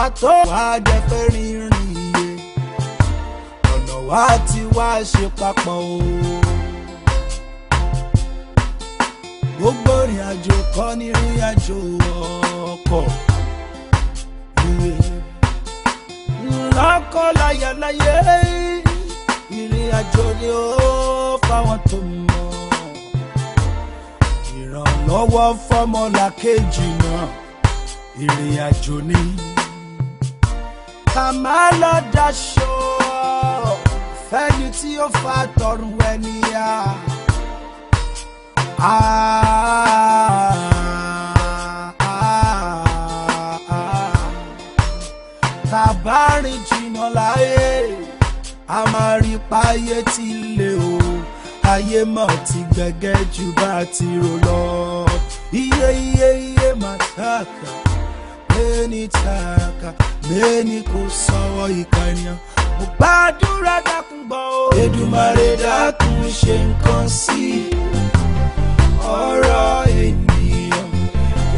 ká tó wá jẹ fẹ́ rìnrìn iye ọ̀nà wa ti wá ṣe papọ̀ o. gbogbo ìrìn àjò kọ́ ní ìrìn àjò ọkọ̀ ìwé lọ́kọ́ láyàláyé ìrìn àjò ni ó fáwọn tó mọ̀ ìrànlọ́wọ́ fọ́mọlàkejì náà ìrìn àjò ni ká má lọ daṣọ fẹ́ni tí ó fa tọrùn ẹni yá. Ah, ah, ah, Tàbá rìn jìnnà láyé, a máa rí páyé tí lè o, ayé mọ̀ ti gbẹ̀gẹ́ jù bá ti rò lọ. Iye iye iye màtàkà mẹ́ni tààkà mẹ́ni kò sọ́wọ́ ìkànnìyàn mo gbàdúrà dákun gbọ́ o. Èdùmàrè dákun ṣe nǹkan sí ọ̀rọ̀ ènìyàn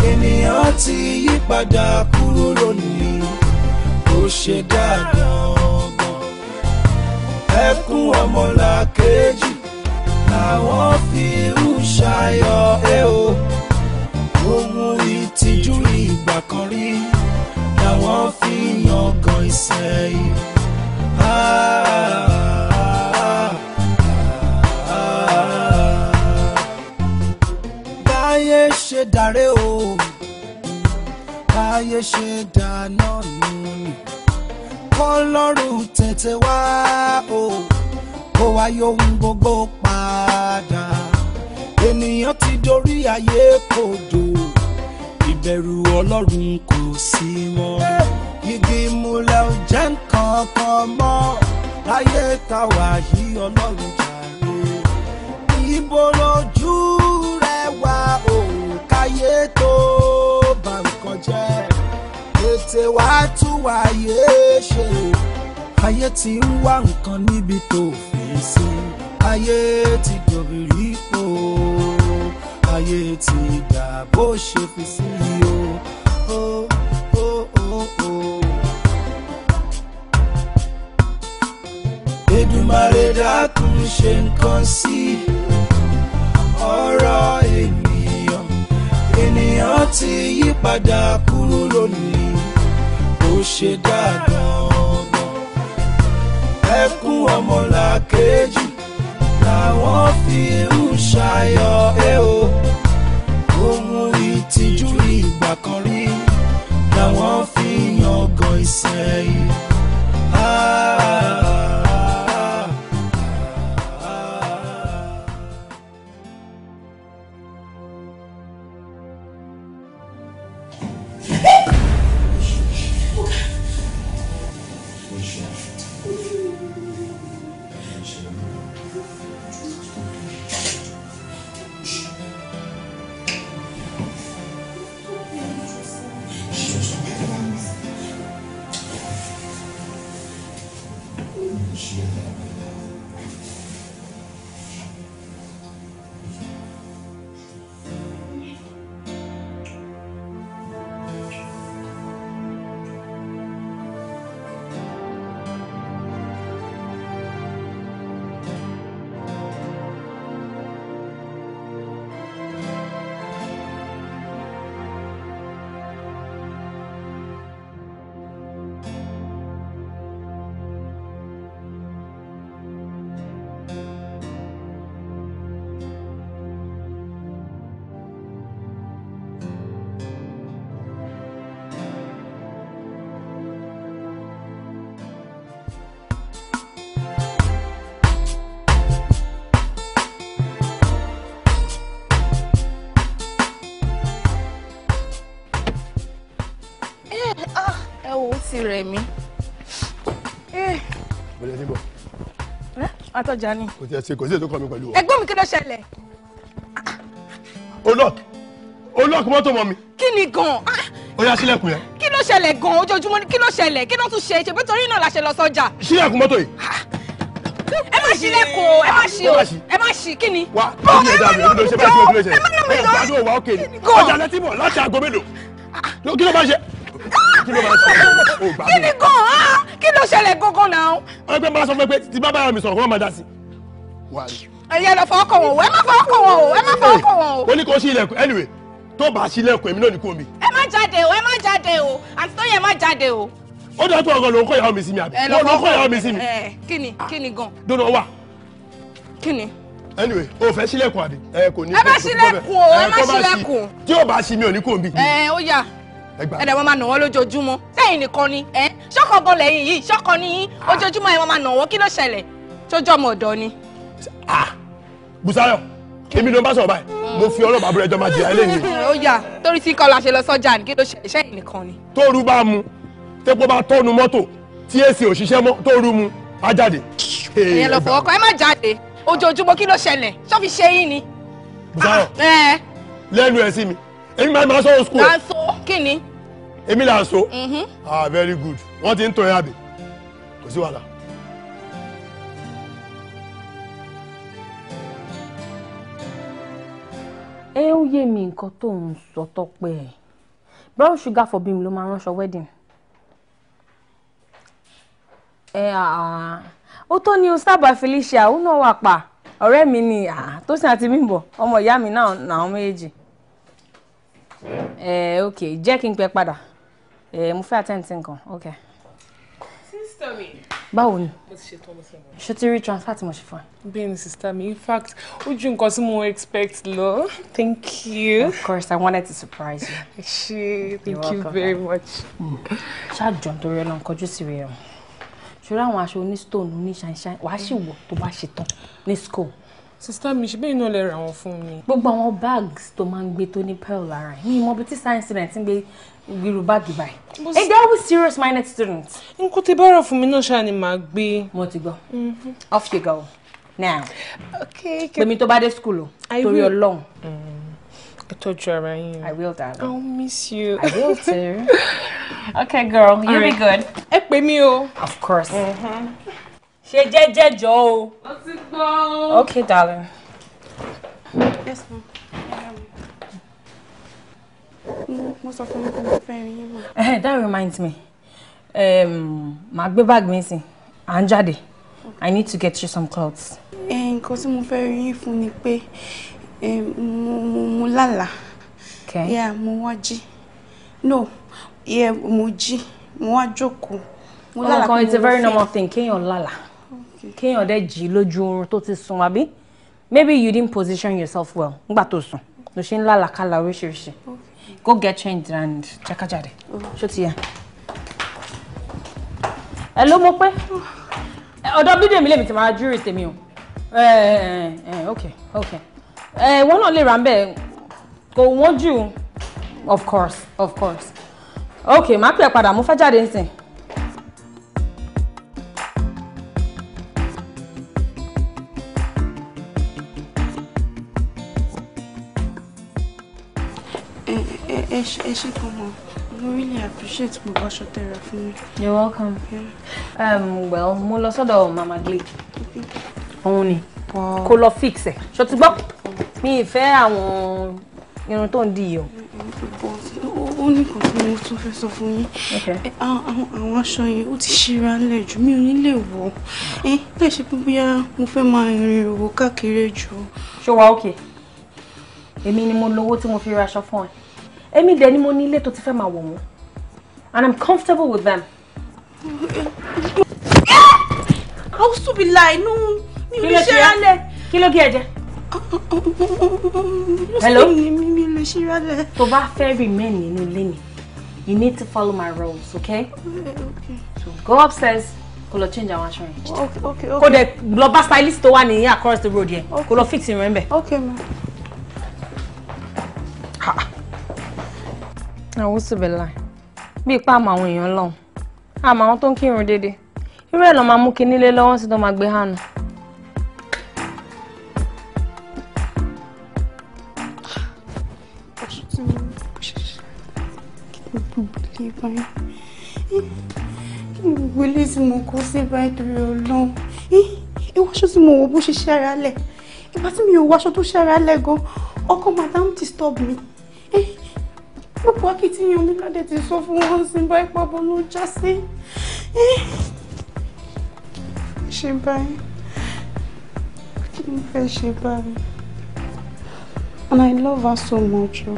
ènìyàn ti yí padà kúrò lónìí ó ṣe dáadáa ọgbọ́n ẹkún ọmọlàkejì làwọn fi ń ṣayọ̀ ẹ o ohun ìtìjú yìí ìgbà kan rí làwọn fi yangàn Ìsẹ́yìn. báyé ṣe dàrẹ́ o báyé ṣe dáná nù ni kọ́lọ́run tètè wá o kó wá yóhun gbogbo padà ènìyàn ti dorí ayé kodò ìbẹ̀rù ọlọ́run kò sí mọ́ igi múlẹ̀ ò jẹ́ nǹkan kan mọ́ láyé táwa yí ọlọ́run jàre ibo lójú rẹ wá òun káyé tó bá nǹkan jẹ́ ètè wá tún wáyé ṣe ayé ti ń wá nǹkan níbi tó fi ayé ti dòbìrí pò ayé ti dà bó ṣe fi sí o. Oh, oh, oh, oh. Èdùmàrè dákun ṣe nǹkan sí ọ̀rọ̀ ènìyàn ènìyàn ti yí padà kúrò lónìí ó ṣe dáadáa ẹkún ọmọlàkejì làwọn fi ń ṣayọ̀ ẹ o ohun ìtìjú ìgbà kan rí làwọn fi yangàn ìsẹ̀yìn. Ah. year. ti rẹ̀ mí. mo ti bọ̀. Eh, atọ́jà ni. kò tí ẹ ṣe kò sí ètò kan mi pẹ̀lú ọ. ẹgbọ́n mi kí ló ṣẹlẹ̀. olóòk olóòk mọ́tò mọ́ mi. kí ni gan-an. Ah! ó yá sílẹ̀kùn yẹn. kí ló ṣẹlẹ̀ gan-an ojoojúmọ́ ni kí ló ṣẹlẹ̀ kí ló tún ṣe ṣe pé náà la lọ sọ́jà. sílẹ̀kùn mọ́tò yìí. Ah! ẹ má sílẹ̀kùn o ẹ má ṣí o ẹ má ṣí kí ni. wá ọdún ẹ̀dá mi ló ṣe bẹ́ẹ̀ tí mo dúró ṣe. ẹ má nà mí lọ. ọjà lẹ́tí bọ̀ láti aago mélòó. Ah! kí ló máa ṣe kí ló máa ṣe o gbà mí. kí ni gan-an ah, kí ló ṣẹlẹ̀ gangan náà. wọ́n pẹ́ máa sọ fún ẹ pé tí bá bára mi sọ̀rọ̀ kó má máa dá sí. ẹ̀yẹ lọ fọwọ́ kàn wọ́n o ẹ má fọwọ́ kàn wọ́n o ẹ má fọwọ́ kàn wọ́n o. ó ní kó ṣí ilẹ̀kùn anyway tó bá ṣí ilẹ̀kùn èmi náà ní kó mi. ẹ má jáde o ẹ má jáde o àti tó yẹ má jáde o. ó dàtú ọgàn ló ń kọ́ ìyàwó mi sí mi àbí. ẹ lọ kọ́ ìyàwó mi sí mi. kí ni kí ni gan. dodo wa. kí ni anyway o fẹ́ ṣílẹ̀kùn àbí. ẹ kò ní kó bẹ ẹ kó bá ṣí tí o bá ṣí mi ò ní kó mi. ẹ ó yà ẹ̀dẹ̀ wọn máa nà wọ́n lójoojúmọ́ sẹ́yìn nìkan ni ẹ̀ ṣọ́kàn gan lẹ́yìn yìí ṣọ́kàn ni yín ah. ojoojúmọ́ ẹ̀ wọ́n máa nà wọ́n kí ló ṣẹlẹ̀ tójọ́ ọmọ ọ̀dọ́ ni. Ah, Bùsáyọ̀ èmi ló ń bá sọ̀rọ̀ báyìí mo fi ọlọ́pàá abúlé ẹjọ́ máa jìyà eléyìí. ó yà torí tí kọ́lá ṣe lọ sọ́jà ní kí ló ṣẹlẹ̀ sẹ́yìn nìkan ni. tóoru bá mu tépo bá tọ́nu mọ́tò tí èsì òṣìṣẹ́ mọ́ tóoru mu á jáde. ẹ̀yẹ lọ fọwọ́ kan ẹ má jáde ojoojúmọ́ kí ló ṣẹlẹ̀ ṣọ́ fi ṣe mi èmi máa ma sọ̀rọ̀ school. kini. èmi so mm-hmm. ah very good wọ́n ti ń tọ́ ẹ àbí kò sí wàhálà. ẹ ó yé mi nǹkan tó ń sọ tọpẹ brown sugar for bim ló máa ránṣọ wedding ẹ ó tó ní Felicia ó náà wà pa ọ̀rẹ́ mi ni tó sì àti mímbọ̀ ọmọ ìyá mi náà náà méjì. ẹ eh, ok jẹ́ kí n pẹ́ padà ẹ eh, mo fẹ́ àtẹ̀ǹtì nǹkan ok. mi. báwo ni ṣé ti rí transfer tí mo ṣe fún ẹ. bẹ́ẹ̀ ni mi in fact ó ju nǹkan tí mo expect lọ thank you. of course i wanted to surprise you. ṣe thank you very much. Mm. ṣáàjọ nítorí ọ̀nà kọjú sí rẹ̀ ṣọ́ra àwọn aṣọ oní stone oní ṣàìṣàì wàá ṣì wọ̀ tó bá ṣe tán ní school sista mi ṣe bẹ́ẹ̀ náà lè ra wọn fún mi. gbogbo àwọn bags tó máa ń gbé tó ní pearl lára ẹ̀ ní ìmọ̀ bíi tí science student ń gbé gbèrú báàgì báyìí. and they always serious minded students. n kò ti bẹ̀rẹ̀ fún mi náà ṣáà ni màá gbé. mo ti gbọ́ mhm. off you go now. okay okay. pèmí tó bá dé school o torí ọlọ́run. I mm. tọ́jú ara yín. i will darling. i will miss you. i will too. okay girl you be good. ẹ pè mí o. of course. Mm -hmm ṣe jẹ́jẹ́ jọ o. ó ti gbọ́ o. okay darling. yes ma'am mo sọ fún mi pé mo fẹ́ rin yín mọ́. Eh, that reminds me màá gbé báàgì mi sí à ń jáde i need to get you some clothes. Eh, nǹkan tí mo fẹ́ rin yín fún ni pé mo mo mo yeah mo wá jí no yeah mo jí mo wá jókòó mo oh lálàá pé mo fẹ́. ọkàn it's a very normal thing kéèyàn lálàá kéèyàn dẹ̀ jí lójú oorun tó ti sùn àbí maybe you didn't position yourself well nígbà tó sùn ló ṣe ń lálàkàlà oríṣiríṣi go get changed and check jákàjáde ṣó ti yà. ẹ ló mọ̀ pé ọ̀dọ̀ bídèmí lèmi ti máa júrì tèmi o ok ok wọn náà lè ra mbẹ kò wọ́n jù of course of course ok màá pè é padà mo fẹ́ jáde nísìnyí. ẹ ṣe kan I really appreciate gbogbo aṣọ tẹ́ rà fún you're welcome. Yeah. Um, well mo Sado mama Glade òun ni kó lọ fix ẹ̀ ṣó ti gbọ́ mi ìfẹ́ àwọn irun tó ń di yìí o. ó ní kò tí mo tún fẹ́ sọ fún yín eh, àwọn aṣọ yẹn ó ti ṣíra ńlẹ̀ jù mí ò ní lè wọ̀ eh, ẹ́ láì ṣe pé bóyá mo fẹ́ máa rìn ìrò káàkiri jù. ṣó wa ókè èmi ni mo lówó tí mo fi èmi dẹ̀ ni mo ní ilé tó ti fẹ́ máa wọ̀ wọ́n and i'm comfortable with them. àwùsùbìlà inú be ò No, ṣe rálẹ̀. kí ló gé ẹ jẹ. hello. mi ò lè ṣe rálẹ̀. tó bá fẹ́ remain nínú ilé mi you need to follow my rules okay. okay. so go upstairs kó lọ change àwọn aṣọ yẹn. kó dẹ̀ lọ bá stylist tó wà ní across the road yẹn kó lọ fix irun ẹ̀ ń bẹ̀. okay ma àwọn òsibẹ̀là bíi ipá àmọ́ àwọn èèyàn lọ́hùn àmọ́ àwọn tó ń kírun déédéé irú ẹ̀ lọ́ máa mú kinní lé lọ́wọ́ sí tó máa gbé hànú. gbogbo ilé tí mo kó sí báyìí torí Ọlọ́run ìwáṣọ tí mo wọ bó ṣe ṣẹ́ra lẹ̀ ìgbà tí mi ò wáṣọ tó ṣẹ́ra lẹ̀ gan ọkọ madam disturb mi gbogbo akitiyan mi ládẹ ti sọ fún wọn sí bá ipa bọ ló já sí eh, ṣe báyìí kí ni fẹ́ ṣe báyìí and I love her so much. Oh.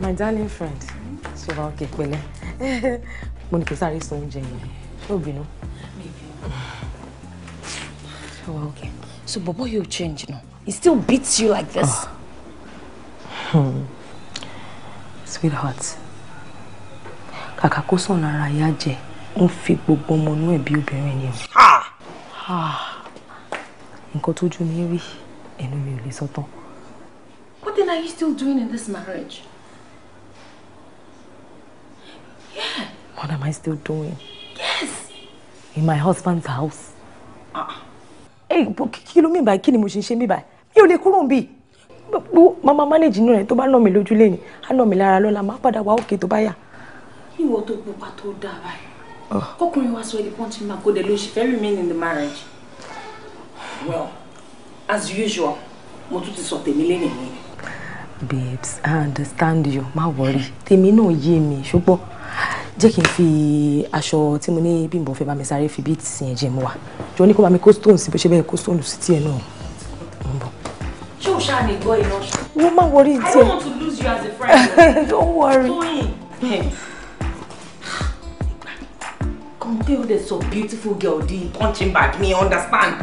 my darling friend sọ̀rọ̀ okay, well, eh? ní sorry, so sáré sọ oúnjẹ yẹn ó bínú. sọ̀rọ̀ ọ̀kẹ́ so bobo you change no he still beats you like this. Oh. Hmm. sweetheart kàkà na rayaje, lára Bobo jẹ ń fi gbogbo ọmọ inú ẹ̀ bí obìnrin ni o. nǹkan tójú mi rí ẹnu What then are you still doing in this marriage? What am I still doing? Yes. In my husband's house. Ah. Hey, kí ló mi báyìí kí ni mo ṣe ṣe mi báyìí? Mi ò lè kúrò níbí. Gbogbo mama manage inú rẹ̀ tó bá nà mí lójú lẹ́yìn, á nà mí lára lọ́la, máa padà wá òkè tó bá yà. Ìwọ tó pupa tó dáa báyìí. Kọ́kùnrin wa sọ èdè pọ́ńtì máa kó dẹ̀ ló ṣe fẹ́ remain in the marriage. Well, as usual, mo tún ti sọ tèmi lẹ́yìn mi. Babes, I understand you, Ma worry. Temi no yé mi, ṣùgbọ́n jẹ́ kí n fi aṣọ tí mo ní bí n bọ̀ fẹ́ bá mi sáré fi bíìtì sí ẹ̀jẹ̀ mu wa jọ ní kó bá mi kó stone sí bó ṣe bẹ́ẹ̀ kó stone sí tiẹ̀ náà ń bọ̀. ṣé o ṣáà lè gbọ́ iná wọ́n máa wọrí tiẹ̀. I don't want to lose you as a friend. don't worry. Kante o de so beautiful girl di punching bag me understand.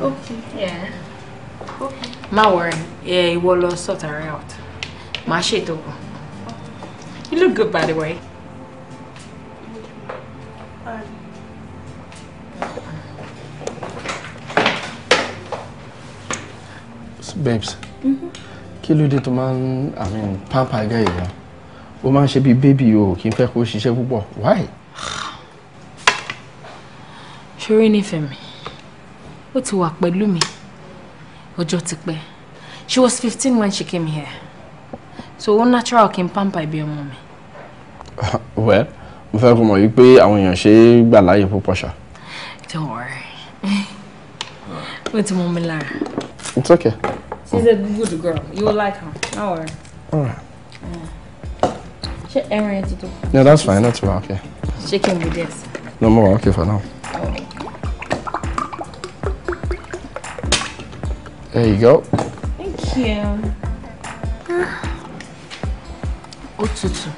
okay yeah okay má worry yeah ìwọ lọ sort her out má ṣètò you look good by the way babes mm-hmm. kí ló dé tó máa ń àmì pampa ẹgẹ ìyá ó máa ń ṣe bí bébì o kì í fẹ́ kó ṣiṣẹ́ púpọ̀ why. ṣorí nífẹ̀ẹ́ mi ó ti wà pẹ̀lú mi ọjọ́ ti pẹ́ she was fifteen when she came here so ó natural kí pamper ibi ọmọ mi. well mo fẹ́ kó mọ̀ wípé àwọn èèyàn ṣe é gbà láàyè púpọ̀ ṣá. don't worry ó ti mọ mi lára. it's okay. she's a good girl you will like her no worry. All right. ṣé ẹran ẹ ti tó. no that's fine that's well okay. ṣé kí n this. no more okay for now. Oh. There you go. Thank you. Ó tutù.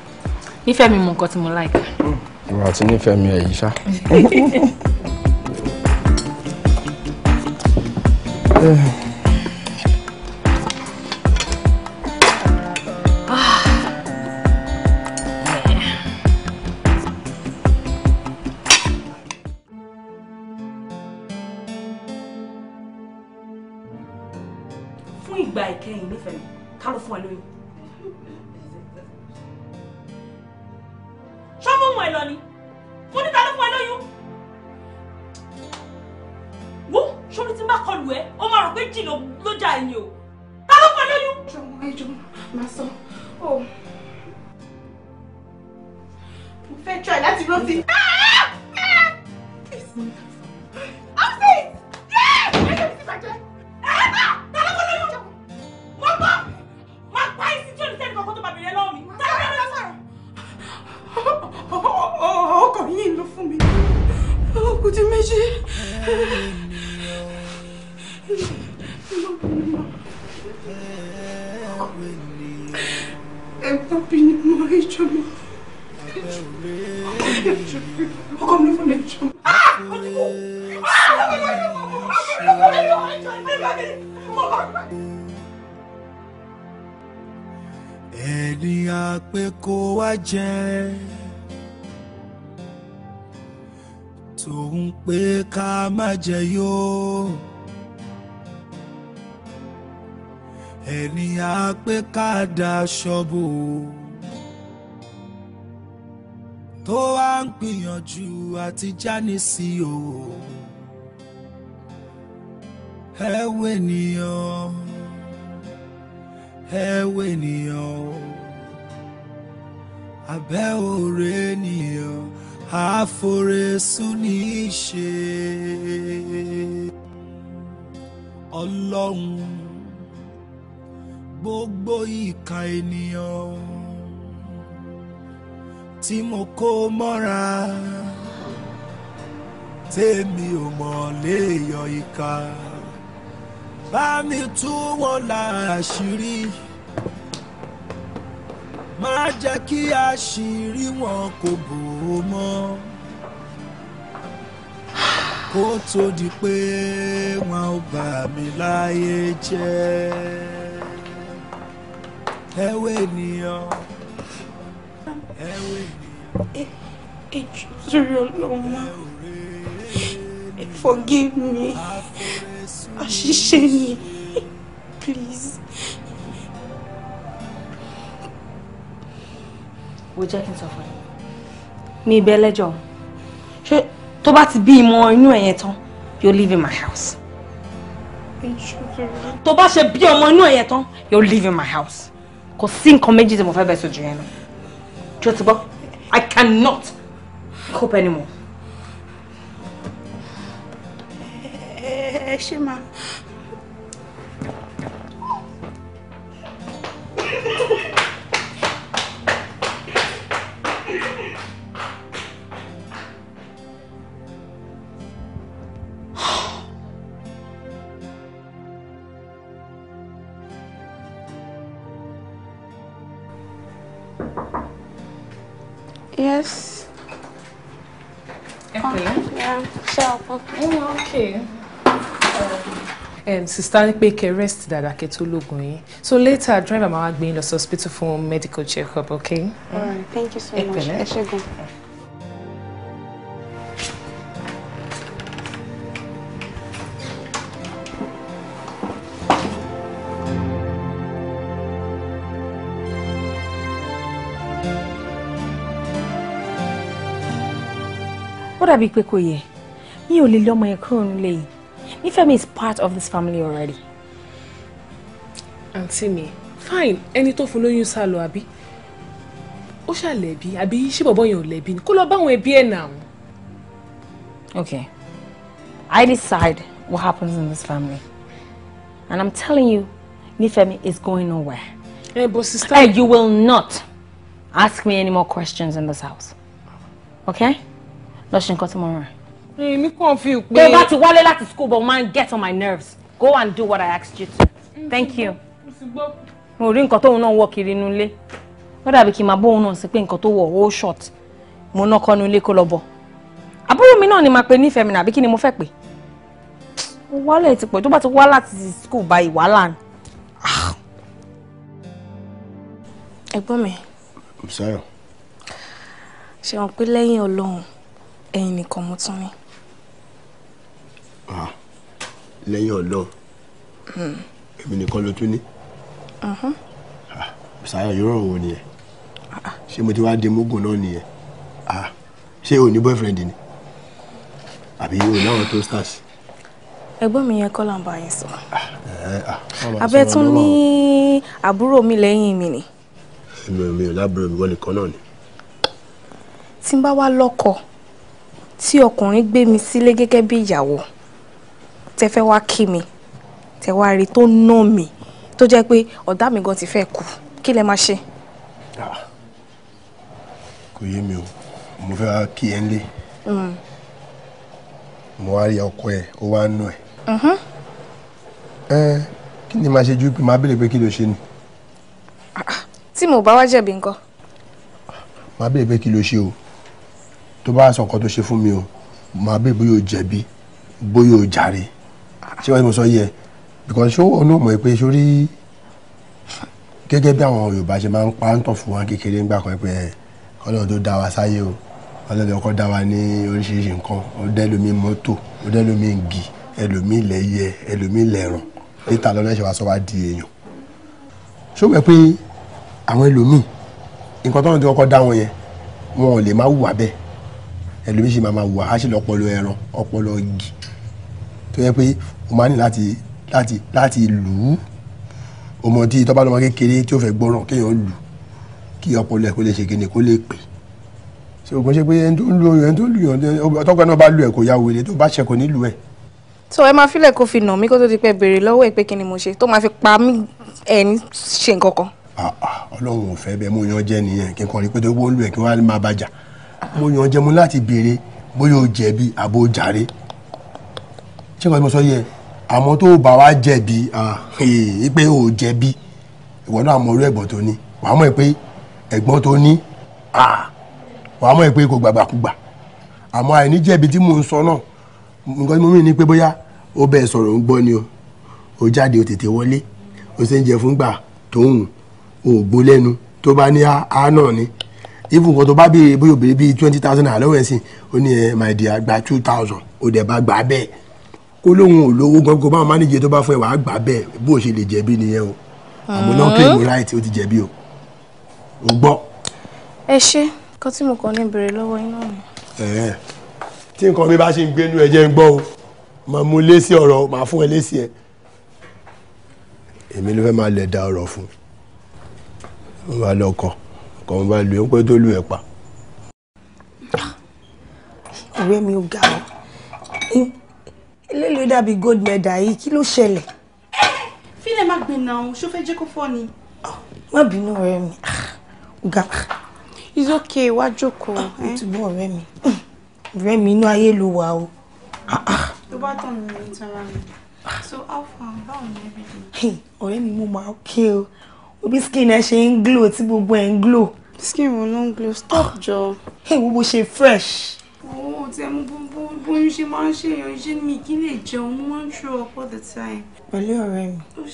Nífẹ̀ẹ́ mi mọ nǹkan tí like. Mm. Ìwà àti nífẹ̀ẹ́ mi ẹ̀yí ṣá. Yeah. méjì ló jà yín o ta ló fẹ́ lóyún. jọmọ ẹ jọmọ màá sọ ọ mo fẹ́ try láti rántí. Ah, ah! wá jẹ́ tòun pé ká má jẹ yóò ẹni á pé ká daṣọ bò tó wá ń gbìyànjú àti jáni sí o ẹ wo ènìyàn ẹ wo ènìyàn o abẹ́ òre nìyàn àforesún ní í ṣe. ọlọ́run gbogbo ìka ènìyàn tí mo kó mọ́ra tèmi ò mọ̀ léèyàn ìka bá mi tú wọn láṣìírí. La má jẹ́ kí àṣírí wọn kò bò ó mọ́ kó tó di pé wọn ò bà mí láyé jẹ́ ẹwẹ́ ènìyàn ẹwẹ́ ènìyàn. forgive me àṣìṣe ni please. wo jẹ́ kí n sọ fún ẹ mi ìbẹ́ lẹ́jọ́ ṣé tó bá ti bí ìmọ̀ inú ẹ̀yẹn tán you live in my house tó bá ṣe bí ọmọ inú ẹ̀yẹn tán you live in my house kò sí nǹkan méjì tí mo fẹ́ bẹ̀sùn jù yẹn lọ jọ ti gbọ́ I cannot cope anymore. ẹ ṣe máa. okay. Um, sista ní pé kẹ́ rest dada kẹ́ tó lóògùn yín so later driver máa wá gbé yín hospital for medical check up okay. all right thank you so much ẹ ṣé gan. ó dàbí pé kò yẹ mi ò lè lọ́mọ yẹn kúrò nílé is part of this family already. àǹtí mi fine ẹni tó fún lóyún sá lọ àbí ó ṣàlẹ̀bí àbí ṣé bọ̀bọ̀ yẹn ò lẹ̀bí ni kó lọ báwọn ẹbí ẹ̀ nà wọn. okay I decide what happens in this family and I'm telling you Nifemi is going nowhere. ẹ bọ sista. Hey, you will not ask me any more questions in this house okay lọ ṣe nǹkan tí mo rán èmi kàn fi pé. tó bá ti wálé láti school but man get on my nerves go and do what i asked you to thank you. mo rí nǹkan tóun náà wọ kiri inú ilé ó dàbí kí n máa bóun náà sí pé nǹkan tó wọ ó short mo ná kọ́nu ilé kó lọ bọ̀ àbúrò mi náà ni màá pe nífẹ̀ẹ́ mi nàbí kí ni mo fẹ́ pè wálé ti pọ̀ tó bá ti wá láti school báyìí wàhálà ni. Ah. ẹ̀gbọ́n mi. Ṣé wọn pé lẹ́yìn Ọlọ́run ẹ̀yin nìkan mo tún ní. Ah, lẹ́yìn ọlọ́run hmm. èmi nìkan ló tún ní ṣayọ yóò rọ̀ wọ́n nìyẹn ṣé mo ti wá di mugun náà nìyẹn ah, ṣé o ní boyfriend ni àbí o láwọn tó stars. ẹ̀gbọ́n mi yẹn kọ́ là ń bá yín sọ ah, eh, abẹ́ tún ní àbúrò mi lẹ́yìn mi ni. èmi ò mi ò lábúrò mi wọ́n nìkan náà ni. tí n bá wá lọ́kọ tí ọkùnrin gbé mi sílé gẹ́gẹ́ bí ìyàwó tẹ fẹ́ wá kí mi tẹ wá rí tó ná mi tó jẹ́ pé ọ̀dá mi gan ti fẹ́ kú kí lẹ máa ṣe. Ah, kò yé mi o mo fẹ́ wá kí ẹ nílé mm. mo wá rí ọkọ ẹ ó wá nù ẹ. ẹ kí ni màá ṣe ju pé màá béèrè pé kí ló ṣe ni. Ah, ah, tí mo bá wá jẹ̀bi nǹkan. màá béèrè pé kí ló ṣe o tó bá sọ nǹkan tó ṣe fún mi o màá béèrè bóyá o jẹ̀bi bóyá o jàre ṣé wàá ní mo sọ yẹ because ṣé wọn náà mọ̀ pé sórí gẹ́gẹ́ bí àwọn Yorùbá ṣe máa ń pa ń tọ̀ fún wa kékeré ńgbà kan pé kọ́lọ́ tó dá wa sáyé o ọlọ́dẹ ọkọ dá wa ní oríṣiríṣi nǹkan ọdẹ lómi mọ́tò ọdẹ lómi igi ẹlòmí lẹ́yẹ ẹlòmí lẹ́rùn níta lọ́nà ẹ̀ṣẹ̀ wa sọ wá di èèyàn ṣùgbọ́n pé àwọn ẹlòmí nǹkan tọ́nà tí kọ́kọ́ dá wọn yẹn wọn ò lè má wùwà bẹ́ẹ̀ ẹlòmí ṣì máa ma wùwà á sì lọ́pọlọ ẹran ọpọlọ igi tó yẹ pé o máa ní láti láti láti lù ú ọmọdé tó bá lọ́mọ kékeré tí ó fẹ́ gbọ́ràn kéèyàn lù kí ọpọlọ ẹ̀ kó lè ṣe kíni kó lè pè ṣe ògùn ṣe pé ẹni tó ń lu ẹni tó ń lu yàn tọ́gbà náà bá lu ẹ̀ kò ya wèrè tó bá ṣe kò ní lu ẹ̀. tó ẹ máa filẹ̀ kó fi nà mí kó tó di pé béèrè lọ́wọ́ ẹ pé kí ni mo ṣe tó máa fi pa mí ẹ̀ ní ṣe nǹkan kan. ọlọ́run ò fẹ́ bẹ́ẹ̀ mo yan jẹ́ nìyẹn kí n kàn rí pé tó gbóòlù ẹ̀ kí wọ́n á máa bàjá mo yan jẹ́ mo láti béèrè bóyá o jẹ̀bi àbò ṣé nǹkan tí mo sọ yẹ àmọ́ tó bá wa jẹ̀bi pé o jẹ̀bi ìwọ náà mọ orí ẹ̀gbọ́n tó ní wàá mọ̀ pé ẹ̀gbọ́n tó ní wàá mọ̀ pé kò gbàgbàkúgbà àmọ́ àìní jẹ̀bi tí mò ń sọ náà nǹkan tí mo mìíràn ni pé bóyá ó bẹ́ẹ̀ sọ̀rọ̀ ń gbọ́ ni o ó jáde ó tètè wọlé ó sì ń jẹ fúngbà tóun ò gbó lẹ́nu tó bá ní á náà ni even kan tó bá béèrè bóyá obìnrin bíi twenty thousand naira lọ́wọ́ ẹ̀ ó ní ẹ̀ eh, my dear gba two thousand ó dẹ̀ bá gbà bẹ́ẹ̀ olóhùn olówó gangan báwọn máníjẹ tó bá fún ẹ wàá gbà bẹ́ẹ̀ bó o ṣe lè jẹ̀bi nìyẹn o àmọ́ náà kí èmi ráìtì ó ti jẹ̀bi o ò gbọ́. ẹ ṣe nǹkan tí mo kàn ní bèrè lọ́wọ́ iná mi. ẹ tí nǹkan mi bá ṣe ń gbénu ẹ jẹ́ ń gbọ́ o màá mú lésì ọ̀rọ̀ màá fún ẹ lésì ẹ èmi ló fẹ́ máa lẹ̀ da ọ̀rọ̀ fún mo mi ò ga ọ́ lélo dàbí gold medal yìí kí ló ṣẹlẹ̀. fílẹ̀ má gbin náà ṣó fẹ́ jẹ́ kó fọ́ ni. Ah, má bínú ọ̀rẹ́ mi ah, ọ̀gá. it's okay wá jókòó. Ah, eh? ó ti bọ́ ọ̀rẹ́ mi ọ̀rẹ́ mi inú ayé ló wà o. tó bá tàn ní tara mi so how far báwo ni everything. ọ̀rẹ́ mi mo máa ké o obi skin ẹ ṣe ń glow tí gbogbo ẹ̀ ń glow. skin wo ló ń glow stop jọ. ẹ wo bó ṣe fresh àwọn ọ̀tí ẹmu bóyún ṣe máa ń man. iṣẹ́ mi kí lè jẹun mo máa ń ṣe ọ̀pọ̀ the time. pẹ̀lú ọ̀rẹ́ mi Oh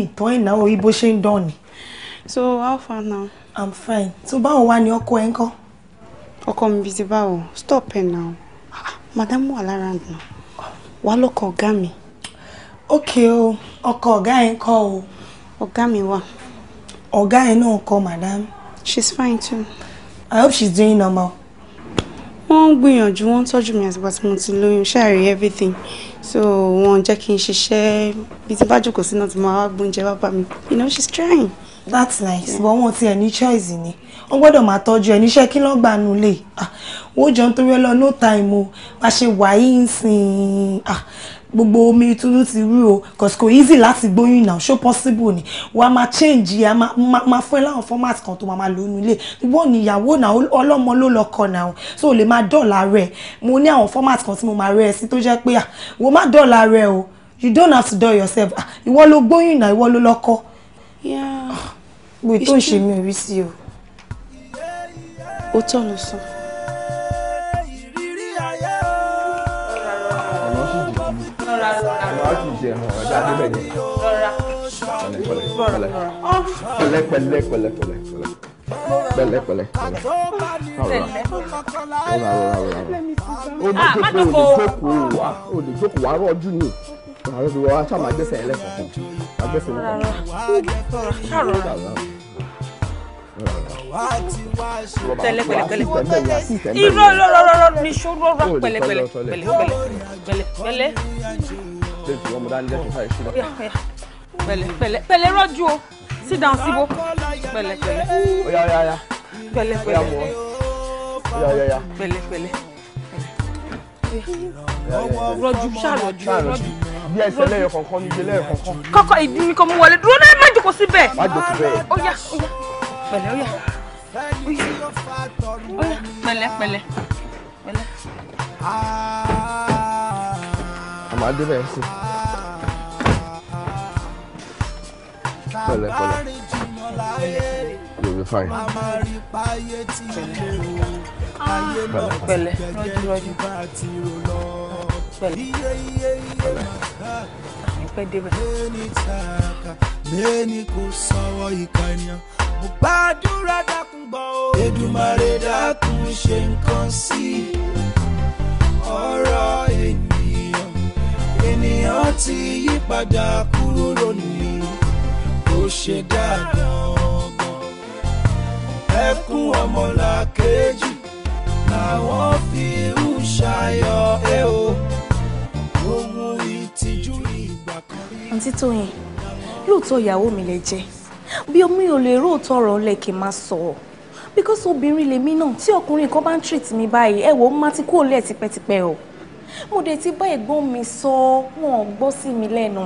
ìtọ́ ìnáwó yìí now? ṣe ń dán ni. so how far now. i'm fine So, báwo wá ní ọkọ ẹ ń kọ́. ọkọ mi bíi ti stop it now ah, madam wà lára àgbọn wà lọkọ ọ̀gá mi. ok o ọkọ ọ̀gá ẹ ń kọ́ o. ọ̀gá mi wà. ọ̀gá ẹ náà madam. she's fine too. i hope she's doing normal wọ́n gbìyànjú wọ́n tọ́jú mi àtìgbà tí mo ti lóyún ṣáàrí everything so wọ́n jẹ́ kí n ṣiṣẹ́ bí ti bá jókòó sí náà ti máa wá gbóúnjẹ wá bá mi you know she's trying. that's nice but wọn ti ẹ̀ ní choice ni wọ́n gbọ́dọ̀ máa tọ́jú ẹ̀ níṣẹ́ kí lọ́ọ́ gbà nù lè ah, wọ́n jọ ń ẹ lọ no time o bá ṣe wà yìí ń sìn ah, gbogbo omi tuntun ti rú o cause kò easy láti gbóyún náà ṣó possible ni wàá máa change yà máa fún ẹ láwọn format kan tó máa lò nílé ìwọ ni ìyàwó náà ọlọ́mọ ló lọ́kọ náà so o lè máa dọ́ọ̀la rẹ̀ mo ní àwọn format kan tí mo máa rẹ̀ sí tó jẹ́ pé wo má dọ́ọ̀la rẹ̀ o you don't have to dull yourself ìwọ ló gbóyún náà ìwọ ló lọ́kọ. Ah, gbogbo ètò ìṣèmí ò rí sí o. ó tọ́ ló sàn. ṣe hàn ọ̀dà níbẹ̀ ni. pẹ̀lẹ́ pẹ̀lẹ́ pẹ̀lẹ́ pẹ̀lẹ́ pẹ̀lẹ́ pẹ̀lẹ́ pẹ̀lẹ́ pẹ̀lẹ́ o lè jókòó wá rọjú ni ààrẹ fi wá sáà máa gbẹ́sẹ̀ ẹ lẹ́kọ̀ọ́ fún máa gbẹ́sẹ̀ ẹ lẹ́kọ̀ọ́ tẹ́lẹ̀ pẹ̀lẹ́ pẹ̀lẹ́ irọ́ lọrọrọrọ ní sọ̀rọ̀ pẹ̀lẹ́ pẹ̀lẹ́ pẹ̀lẹ́ pẹ̀lẹ́ pẹ̀lẹ́ bẹ́ẹ̀ tí ọmọ dání lẹ́tọ̀ọ́ sáré sílẹ̀. pẹ̀lẹ́ pẹ̀lẹ́ pẹ̀lẹ́ rọ́jú o sit down síbó pẹ̀lẹ́ pẹ̀lẹ́. oya Charles, oya pẹ̀lẹ́ pẹ̀lẹ́ oya oya oya pẹ̀lẹ́ pẹ̀lẹ́ rọ́jú ṣàròjú rọ́jú bí ẹsẹ̀ lẹ́yọ kọ̀ọ̀kan níbi lẹ́yọ kọ̀ọ̀kan. kọ́kọ́ ìdí mi kan mú wọlé dúró náà má jókòó síbẹ̀. má oh bẹ́ẹ̀. oya oya pẹ̀lẹ́ oya oya pẹ̀lẹ́ pẹ̀lẹ́ pẹ̀lẹ́ máa débẹ̀ sí. pẹ̀lẹ́ pẹ̀lẹ́ you'll be fine. pẹ̀lẹ́ pẹ̀lẹ́ pẹ́ débẹ̀. Bẹ́ẹ̀ni kò sọ̀rọ̀ ìka ènìyàn. Mo gbàdúrà ènìyàn ti yí padà kúrò lónìí ó ṣe dáadáa ọgbọ́n ẹkún ọmọlàkejì làwọn fi ń ṣayọ ẹ o ohun ìtìjú ìgbà kan rí. àǹtí Tóyìn lóòótọ́ ìyàwó mi lè jẹ́ bí omi ò lè róòótọ́ ọ̀rọ̀ lẹ́kẹ̀ máa sọ̀rọ̀ because obìnrin lèmi náà tí ọkùnrin kan bá ń treat mi báyìí ẹ wò ti kúrò lẹ́ẹ̀ tipẹ́tipẹ́ o mo dé ti bá ẹ̀gbọ́n mi sọ wọn gbọ́ sí mi lẹ́nu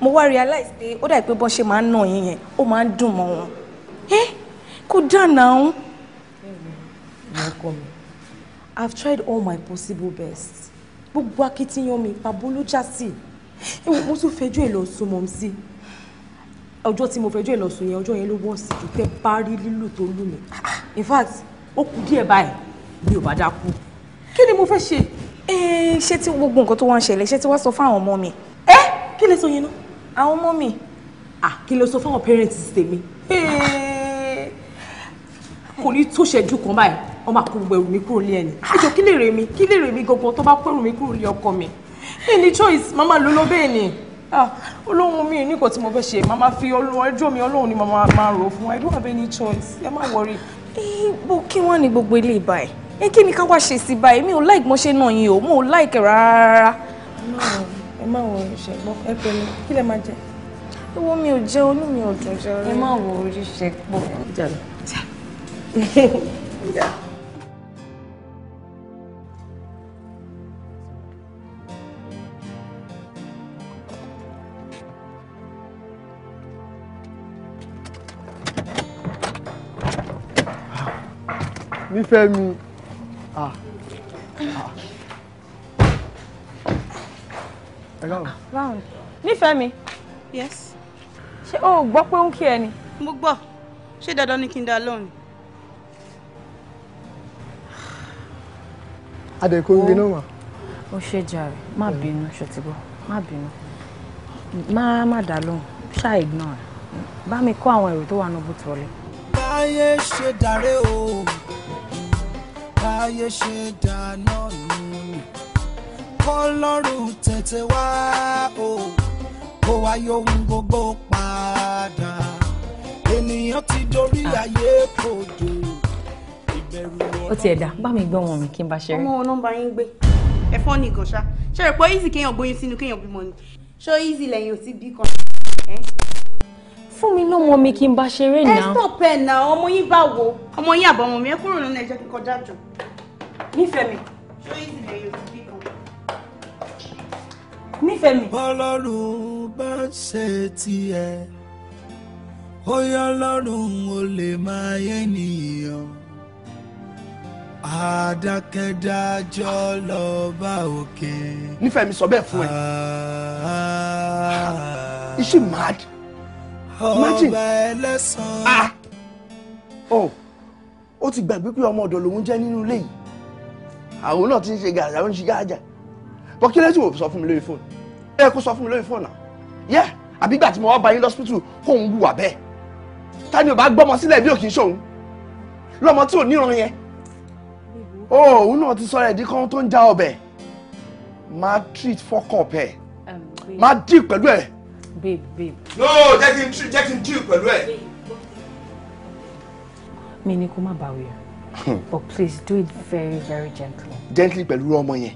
mo wá realize pé ó dàbí pé bọ́n ṣe máa ń nà yín yẹn ó máa ń dùn mọ́ wọn kò dáná o. I've tried all my possible best gbogbo akitiyan mi pàbó ló já sí mo tún fẹjọ́ ẹ̀ lọ sùn mọ́ sí ọjọ́ tí mo fẹjọ́ ẹ̀ lọ sùn yẹn ọjọ́ yẹn ló wọ̀ sí ju tẹ́ bá lílù tó lù mí ah, ah, in fact ó kù díẹ̀ báyìí mi ò bá dákú kí ni mo fẹ́ ṣe ẹ eh, ṣé tí gbogbo nǹkan tó wá ń ṣẹlẹ̀ ṣé tí wàá sọ fún àwọn ọmọ mi. ẹ eh, kí lè sọ yẹn náà. àwọn ọmọ mi. ah kí lè sọ fún àwọn parents tèmi. Eh, kò ní tó ṣẹ́jú kan báyìí wọ́n máa kó gbogbo ẹrù mi kúrò lé ẹni. ẹjọ́ kí lè rè mí kí lè rè mí gangan tó bá kó mi kúrò lé ọkọ mi. mi ní choice màmá ló ni olóhùn mi ní nǹkan tí mo fẹ́ ṣe màmá fi ẹjọ́ mi ọlọ́run ni màmá máa rò fún I don't have any choice ẹ má worry. bó kí wọ́n ní gbogbo ilé ìbá ẹ̀ ẹ kí ni ká wá ṣe sí báyìí mi ò láì gbọ́n ṣe náà yín o mo ò láì kẹ̀ rárá. ẹ má wo ìṣẹ̀gbọ́n ẹ pẹ̀lú kí lẹ máa jẹ. ewo mi ò jẹ onú mi ò dùn jẹ. ẹ má wo oríṣẹ̀gbọ́n. jàlọ. nífẹ̀ẹ́ mi. Ah. Ah. ẹ káàbọ̀. báwo ni nífẹ̀ẹ́ yes. ṣé o gbọ́ pé ó ń kí ẹ ni. mo gbọ́ ṣé dandan ni kí n dá lóhùn. adẹ̀kùn ibi náà wà. ó ṣe jàre má bínú ṣòtìbọ má bínú má má dá lóhùn ṣáà ignore bá mi kó àwọn èrò tó wà ní bùtù ọlẹ. báyé ṣe dàrẹ́ o báyé ṣe dáná nù kọlọ́run tètè wá o kó wá yóhun gbogbo padà ènìyàn ti dorí ah. ayé kodò ó ti ẹ̀dá bá mi gbọ́ wọn mi kí n bá ṣe rí. ọmọ nọ́mbà yín gbé ẹ̀fọ́ ni gànṣá ṣe rẹ̀ pé easy kéèyàn gbóyún sínú kéèyàn bímọ ni ṣó easy lẹ́yìn ò ti bí kan fún mi lọ́mọ mi kí n bá ṣeré náà. ẹ stop ẹ náà ọmọ yín bá wo ọmọ yín àbọ̀mọ̀ mi ẹ kúrò nínú ẹjọ́ kíkọ dájọ́ nífẹ̀ẹ́ mi nífẹ̀ẹ́ mi. bọ́lọ́run bá ṣe tiẹ̀ ó yọ lọ́rùn ó lè máa yé nìyàn àdákẹ́dájọ́ lọ́ba òkè. nífẹ̀ẹ́ mi sọ bẹ́ẹ̀ fún ẹ. Ah. is she mad? imagine ah oh ó ti gbàgbé pé ọmọ ọ̀dọ̀ lòun jẹ́ nínú ilé yìí àwọn náà ti ń ṣe gàdá ó ń ṣe gáàjà bọ́ kí lẹ́sìn ò sọ fún mi lórí fóònù ẹ kó sọ fún mi lórí fóònù náà yẹ àbí gbà tí mo wá bá yín lọ́sítítù kóun wùwà bẹ́ẹ̀ ta ni ò bá gbọ́mọ sílẹ̀ bí ò kì í ṣòun lọ́mọ tí ò níran yẹn oh, òun náà ti sọ̀rọ̀ ẹ̀dí kan tó ń já ọbẹ̀ máa treat fọ́kàn máa dì pẹ̀lú ẹ̀ babe babe. no jẹ́ kí n jẹ́ kí n deal pẹ̀lú ẹ̀. mi ni kó má bá wí but please do it very very gently. gently pẹ̀lú ọmọ yẹn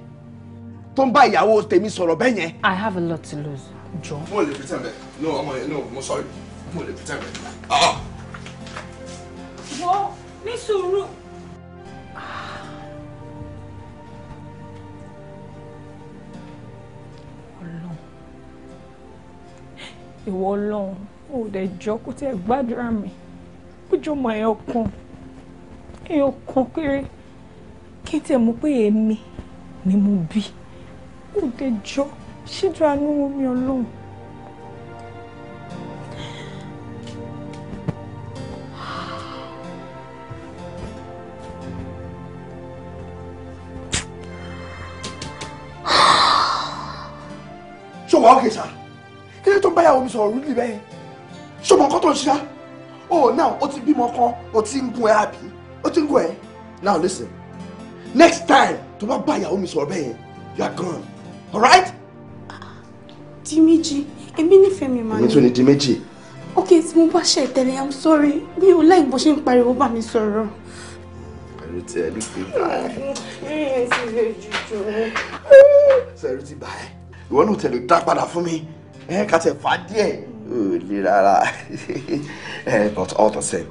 tó ń bá ìyàwó tèmi sọ̀rọ̀ bẹ́ẹ̀ yẹn. i have a lot to lose jọ. mo lè pretend bẹ́ẹ̀ no ọmọ yẹn no mo sorry mo lè pretend bẹ́ẹ̀. wọ́n ah. ní sùúrù. ìwọ ọlọ́run ò dẹ̀ jọ kó tẹ̀ gbàdúrà mi kójú ọmọ ẹ̀ ọkàn ẹ̀ ọkàn péré kí n tẹ̀ mú pé èmi ni mo bí ò dẹ̀ jọ ṣíjú àánú omi ọlọ́run. ṣé wàá kí ló tó ń báyàwó mi sọ̀rọ̀ rúdì bẹ́ẹ̀ ṣọmọ nǹkan tó ń ṣe á oh now ó ti bímọ kan ó ti ń gun ẹ àbí ó ti ń gun ẹ now listen next time tó bá báyàwó mi sọ̀rọ̀ bẹ́ẹ̀ you are gone alright. di méjì èmi nífẹ̀ẹ́ mi máa ń. èmi tún ni di méjì. ok tí mo bá ṣe ìtẹ̀lẹ̀ i'm sorry mi ò láì bó ṣe ń pariwo bá mi sọ̀rọ̀ sẹ̀rù tí ẹ lùfẹ́ báyìí. sẹ̀rù tí báyìí. ìwọ náà tẹ̀lé dá padà fún mi ẹ eh, ká tẹ̀ fà díẹ̀ ò lè rárá ẹ eh, but all the same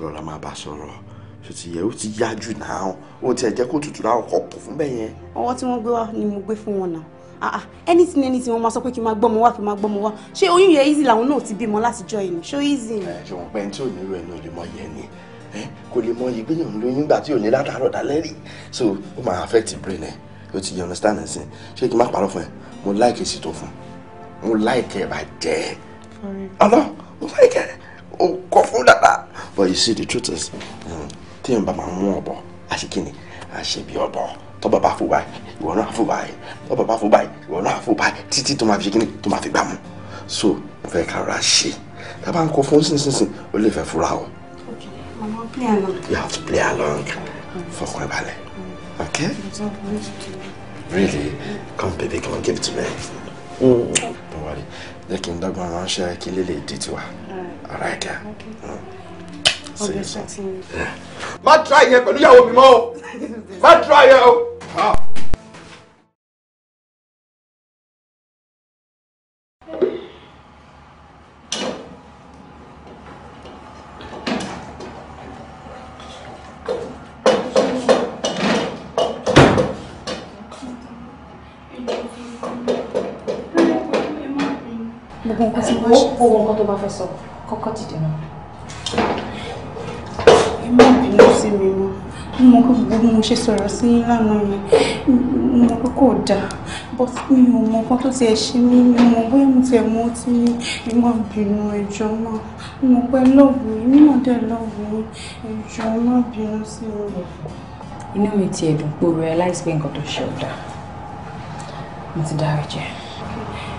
rọra máa bá sọ̀rọ̀ ṣe ti yẹ ó ti yá jù náà ó tiẹ̀ jẹ́ kó tutù náà ọkọ̀ kù fún bẹ́ẹ̀ yẹn. ọwọ́ tí wọ́n gbé wá ni mo gbé fún wọn náà ah, ah anything anything wọn máa sọ pé kí n máa gbọ́ ọmọ wá kí n máa gbọ́ ọmọ wá ṣé oyún yẹn easy làwọn náà ti bímọ látijọ́ yìí ni ṣó easy ni. ẹ eh, ṣùgbọ́n pé tí ò ní rú ẹ̀ ní olè mọ yẹn ni kò lè mọ iye gbéyàn lóyún nígbà tí ò ní látàárọ̀ dalẹ́ rí so ó máa affect brain ẹ̀ ó ti yẹ understand ẹ̀ sìn ṣé kí n má parọ́ fún ẹ mo like èsì tó fún un mo láìkẹ́ ẹ̀ bá jẹ́ ọ̀nà mo láìkẹ́ ò kọ́ fún dada but you see the truth is mm, tí n bá máa mú ọ̀bọ àṣekínni àṣebí ọ̀bọ tó bàbá fún báyìí ìwọ náà fún báyìí tó bàbá fún báyìí ìwọ náà fún báyìí títí tó máa fi ṣekínni tó máa fi gbà mú so mo fẹ́ ká ra ṣe tá a bá ń kọ fún sísinsin ó lè fẹ́ fura o. okay mama you have to play along fọkàn balẹ̀ mm. okay really come baby come give it to me don't worry jẹ́ kí n dọ́gbọ́n ránṣẹ́ kí lè lè di tiwa ara ẹ̀ka ṣe é sọ. má tíra yẹn pẹ̀lú ìyàwó mi mọ́ o má tíra yẹn o. gbogbo nǹkan tí wọ́n ṣe gbogbo nǹkan tó bá fẹ́ sọ kọ́kọ́ ti dènà. ẹ má bínú sí mi mọ́ mo mọ pé gbogbo mo ṣe sọ̀rọ̀ sí lánàá yẹn mo mọ pé kò dáa but mi ò mọ nǹkan tó tiẹ̀ ṣe mí mi mọ bóyá mo tiẹ̀ mọ tí ẹ má bínú ẹjọ́ náà mo mọ pé lọ́ọ̀bù mi náà dẹ̀ lọ́ọ̀bù mi ẹjọ́ má bínú sí mi. inú mi tiẹ̀ dùn pé o realize pé nǹkan tó ṣe ọ̀dà mo ti dárí jẹ́.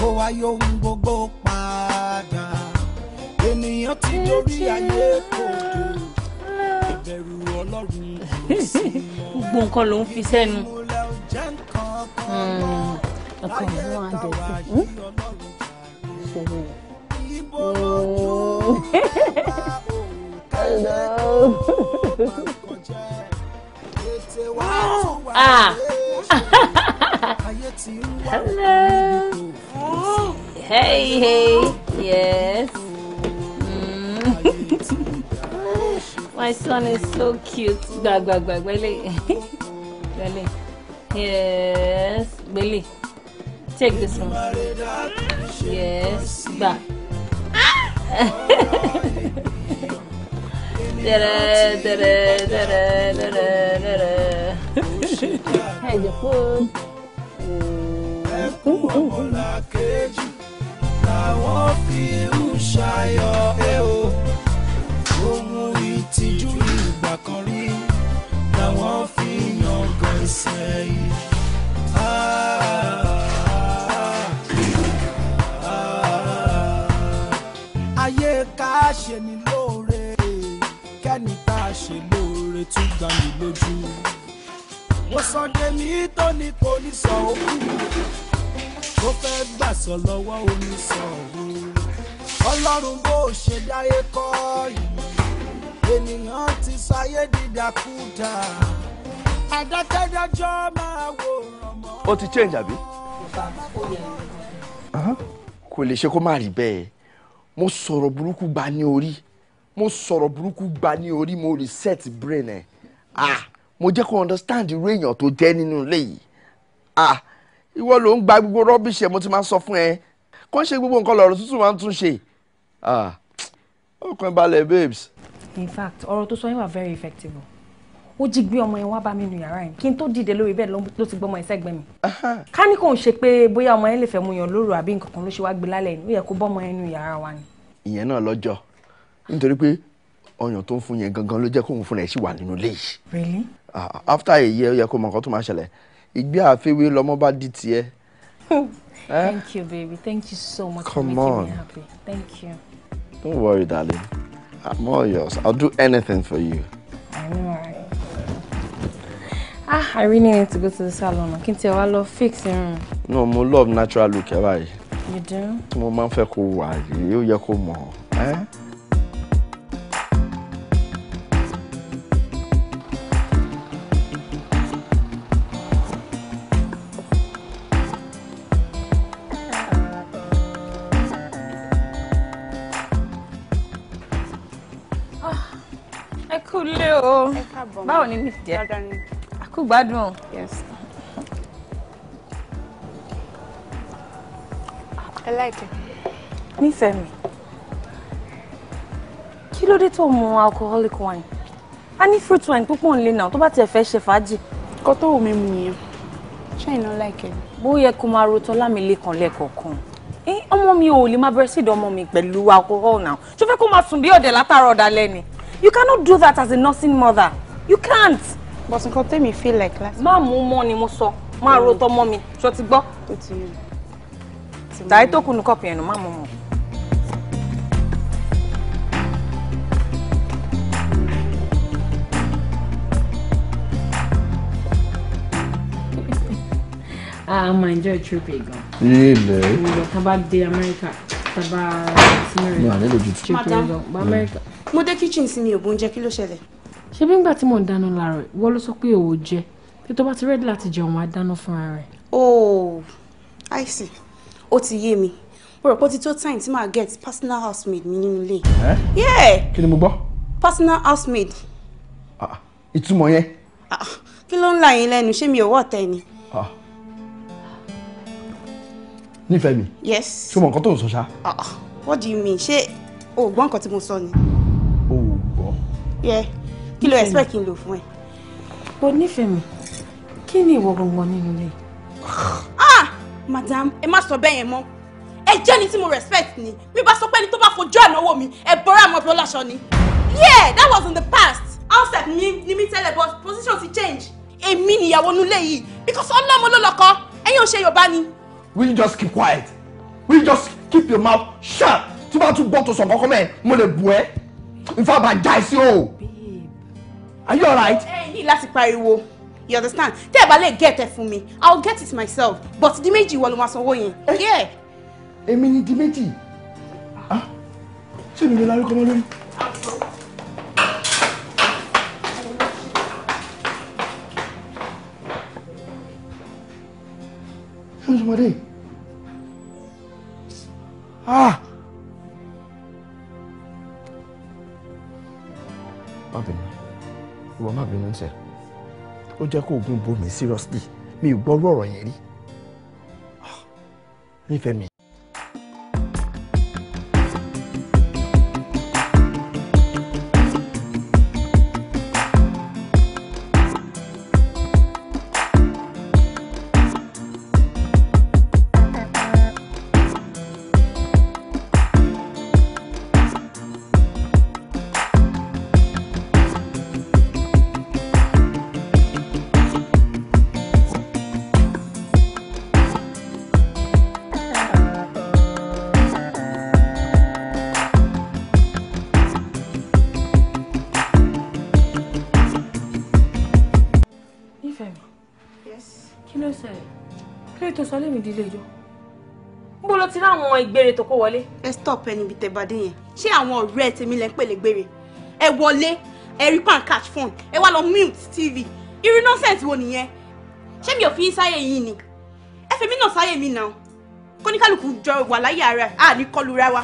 kó ayé ohun gbogbo padà ènìyàn ti dórí ayé kò tó ìbẹ̀rù ọlọ́run kò sí gbogbo nǹkan ló ń fi sẹ́nu. Hmm, ọkọ mi hmm? oh. ah. wà á dẹ̀ sí ṣòro. Hello. Hey, hey. Yes. Mm. My son is so cute. Gwa, gwa, Yes. Gwele. Take this one. Yes. Gba. Da-da, da-da, da-da, da-da, da-da. Hey, your food. ẹkún ọmọlàkejì làwọn fi ń ṣayọ ẹ. sọ lọ́wọ́ omi sọ ọlọ́run bó ṣe dáyé kọ́ yìí ènìyàn ti sáyé dìdàkudà adákẹ́dájọ́ máa wò rànmọ́. ó ti change àbí. kò lè ṣe kó má rí bẹ́ẹ̀ mo sọ̀rọ̀ burúkú gba ní orí mo sọ̀rọ̀ burúkú gba ní orí mo reset brain ẹ̀ ah mo jẹ́ kó understand irú èèyàn tó jẹ́ nínú ilé yìí ah ìwọ ló ń gba gbogbo rọ́bìṣì ẹ̀ mo ti máa sọ fún ẹ kàn ṣe gbogbo nǹkan lọ́rọ̀ tuntun máa ń tún ṣe ah, ọkàn balẹ̀ babes. in fact ọ̀rọ̀ tó sọ yín wà very effective ó jí gbé ọmọ yẹn wá bá mi nù yàrá yẹn kí n tó dìde lórí bẹ́ẹ̀ ló ti gbọ́ ọmọ yẹn sẹ́gbẹ́ mi. ká ní kò ń ṣe pé bóyá ọmọ yẹn lè fẹ́ mu yàn lóru àbí nǹkan kan ló ṣe wá gbé lálẹ́ yìí ó yẹ kó bọ́ ọmọ yẹn nù yàrá wa ni. ìyẹn náà lọ́jọ́ nítorí pé ọyàn tó ń fún yẹn gangan ló jẹ́ kóun fúnra ẹ̀ sì wà nínú ilé yìí. really. Ah, after a year ó yẹ kó mọ nǹkan tó máa ṣẹlẹ̀ ìgbé àfẹwé lọmọ bá di tiẹ̀. thank you baby thank you so much Come for making on. me happy thank you. don't worry darling i'm all yours i'll do anything for you. i know right. ah i really need to go to the salon kí n tiẹ̀ wá lọ fix irun. no mo love natural look ẹ báyìí. you do. mo máa ń fẹ́ kó wà yìí ó yẹ kó mọ̀ ẹ́. ẹ kú lé o báwo ni ní jẹ akú gbádùn. ẹ láìkẹ́. nífẹ̀ẹ́ mi kí ló dé tó mu alcoholic wine a ní fruit wine púpọ̀ nílé náà tó bá tiẹ̀ fẹ́ ṣe fàájì. kò tó wù mí mu yẹn ṣé iná láìkẹ́. bó yẹ kó máa ro tọ́lá mi lẹ́kàn lẹ́kọ̀ọ̀kan ọmọ mi ò lè máa bẹ̀rẹ̀ sí ìdánmọ́ mi pẹ̀lú alcohol náà ṣó fẹ́ kó máa sùn bí ọ̀dẹ̀ látàárọ̀ dalẹ́ ni you cannot do that as a nursing mother you can't. but nǹkan me feel like last. má mú mọ́ ni mo sọ máa ro tọmọ mi ṣó ti gbọ́. o ti ti mú. tàyí tó kunu kọ́ọ̀pù yẹn nù má mú mọ́. a máa ń jẹ́ ìtúrúpì gan. ilé. ìgbà tá a bá dé amẹ́ríkà tá a mo dé kitchen sí mi ò bó ń jẹ kí ló ṣẹlẹ̀. ṣé bí ngbà tí mò ń dáná láàárọ̀ ìwọ ló sọ pé òwò jẹ pé tó bá ti rẹ́dí láti jẹun wá dáná fúnra rẹ̀. ooo oh, i see ó ti yé mi mo rò pé ó ti tó time tí màá get personal housemaid mi nínú ilé. ẹ kí ni mo gbọ́. personal housemaid. Ah, ìtumọ̀ yẹn. Ah, kí ló ń la yín lẹ́nu ṣé mi ò wọ́ ọ̀tẹ̀ ni. Ah. nífẹ̀ẹ́ mi. yes. ṣé o mọ nǹkan tó ń sọ ṣá. what do you mean ṣé o ò gbọ́ nǹkan tí mo sọ ni yẹ kí ló expect kí n lò fún ẹ. o nífẹ̀ẹ́ mi kí ni ìwọ gbọ̀ngàn nínú rẹ̀. ah madam ẹ má sọ bẹ́ẹ̀ yẹn mọ́ ẹ jẹ́ ni tí mo respect ni mi bá sọ pé ẹni tó bá fojú ànáwó mi ẹ bọ́ra àmọ́ ọ̀dọ́ láṣọ ni. yeah that was in the past outset ni ni mi tẹ́lẹ̀ but position ti change èmi nìyàwó nulẹ̀ yìí because ọlọ́mọ ló lọ́kọ ẹ̀yin ò ṣe yorùbá ni. will you just keep quiet will you just keep your mouth shut tí wọ́n á tún gbọ́ tó sọ kọ́kọ́ mo lè bù ẹ́ nfa ma ja ẹ o are you alright. ẹ eh, ní láti pariwo you understand tẹ́ ẹ bá lè get ẹ fún mi i will get it myself but di méjì ìwọ ló máa sanwó yẹn. Eh, èmi ni di méjì ah, ṣé mi lè lárúkọ mọ́ lórí. ṣé ah. má bínú ìwọ má bínú ṣe ó jẹ́ kó oògùn bo mi seriously mi ò gbọ́rú ọ̀rọ̀ yẹn rí ah, nífẹ̀ẹ́ mi tó kó wọlé. ẹ stop ẹni ibi tẹ bá dé yẹn ṣé àwọn ọ̀rẹ́ ẹ tèmi lẹ ń pèlè gbére ẹ pan catch phone E wá lọ mute tv irú nonsense wo nìyẹn ṣé mi ò fi sáyé yìí ni ẹ fẹ́ mi náà sáyé mi náà kóníkálùkù jọ wà láyé ara ẹ àní kọlu ra wa.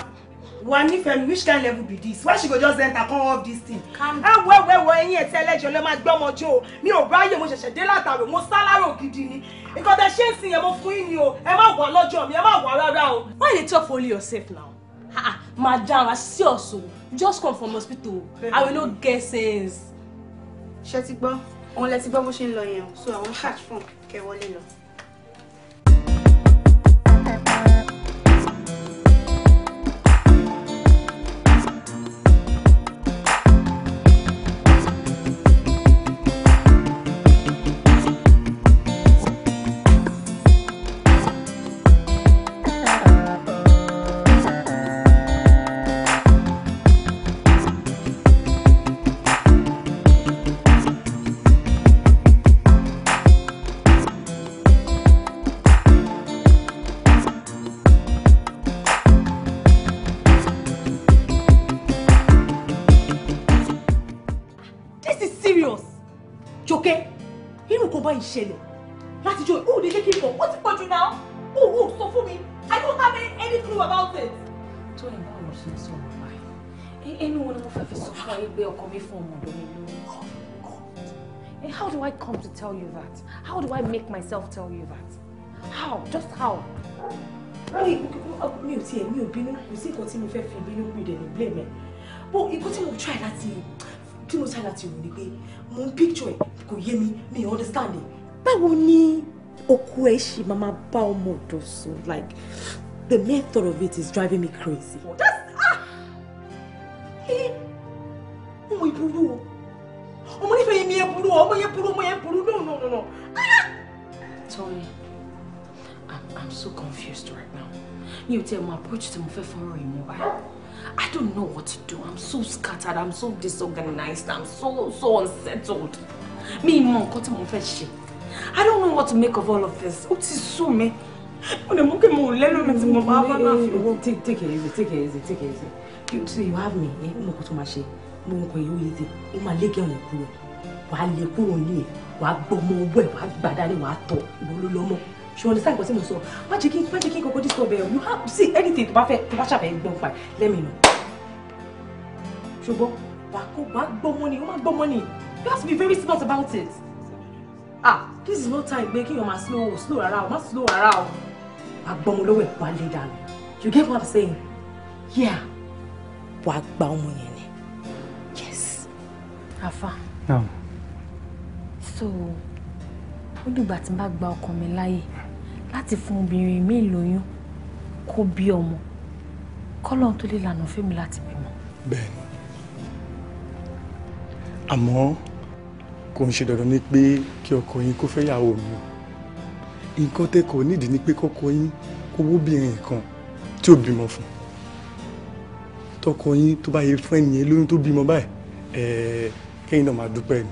wà á nífẹ̀ẹ́ mi which kind level be this why she go just enter come up this thing. ẹ ah, wẹ́wẹ́wẹ́ ẹyin ẹ̀tẹ́lẹ́jọ lẹ́ máa gbọ́mọjọ́ mi ò báyè mo ṣẹ̀ṣẹ̀ dé látàrò mo sálárò gidi ni nǹkan tẹ ṣe ń sìn yẹn mo fún yín ni o ẹ má wà lọ́jọ́ mi ẹ má wà rárá o. why you dey talk for only yourself now ah madam i see also just come from hospital i will no get sense. ṣe ti gbọ́ òun lẹ ti gbọ́ bó ṣe ń lọ yẹn o so àwọn catch phone kẹ lọ. ṣẹlẹ̀ láti jọ òde kékeré kan ó ti pọ̀ jù náà òwò sọ fún mi I don't have any, any clue about it. tó ẹ̀ báwo ṣe sọ ọ̀pá ẹ̀ ẹnu wo ni mo fẹ́ fi sọ fún ayé gbé ọkọ mi fún ọmọdé mi lórí. How do I come to tell you that? How do I make myself tell you that? How? Just how? mi ò tiẹ̀ mi ò bínú kò sí nǹkan tí mo fẹ́ fi bínú mi dẹ̀ ní blame ẹ̀ bó ikú tí mo try láti tí mo try láti rò ni pé mo ń picture ẹ̀ kò yé mi mi understand it báwo ni òkú ẹ ṣì máa máa bá ọmọ ọ̀dọ̀ sùn like the method of it is driving me crazy. just ah ọmọ ìburú o ọmọ nífẹ̀ẹ́ yẹn mi yẹn burú o ọmọ yẹn burú ọmọ yẹn burú no no no no. Ah! Tony I'm, I'm so confused right now mi ò tiẹ̀ mọ approach to mo fẹ́ fọ́nrán yìí mọ́ báyìí. I don't know what to do. I'm so scattered. I'm so disorganized. I'm so so unsettled. Mi mọ nǹkan tí mo fẹ́ ṣe. I don't know what to make of all of this. Ó ti sú mi. Ó lè mú kí mo lẹ́nu mi tí mo máa bá náà Take it easy, take it easy, take it easy. You see, you have me. Ẹ eh? mọ̀ to tó máa You Mo mọ̀ kó yóò yé ti. Ó máa lé kẹ́hìn kúrò. Wà á lè kúrò ní ẹ̀. Wà á gbọ́ ọmọ owó ẹ̀. Wà á gbàdá ní wà á tọ̀. Ìwọ ló lọ́mọ. Ṣé wọn lè sáà gbọ́ sí mo sọ? Má jẹ́ kí má jẹ́ kí kókó disturb ẹ̀. You have see anything tó bá fẹ́ tó bá ṣàfẹ́ gbọ́n pa let me know. Ṣùgbọ́n wà á gbọ́ money, wà á gbọ́ money. You have to be very smart about it. Ah! this is no time pé kíyàn máa slow o slow rárá o má slow rárá o agbọmọlówó ẹ̀ wá lé dànù you get what i'm saying yeah wàá gba ọmọ yẹn ni yes. afa no. so ó dìgbà tí n bá gba ọkàn mi láàyè láti fún obìnrin mi lóyún kó bí ọmọ kọ́lọ́n tó lè lànà fún mi láti bímọ. bẹ́ẹ̀ni àmọ́ kò ń ṣe dandan ni pé kí ọkọ yín kó fẹ́yàwó mi nǹkan tẹ́kọ̀ọ́ nídìí ni pé kọ́kọ́ yín kó wóbìnrin kan tí ò bímọ fún tọkọ yín tó bá yẹ fún ẹnìyẹn lóyún tó bímọ báyìí ẹ̀ẹ́ kẹ́yìn náà máa dúpẹ́ ni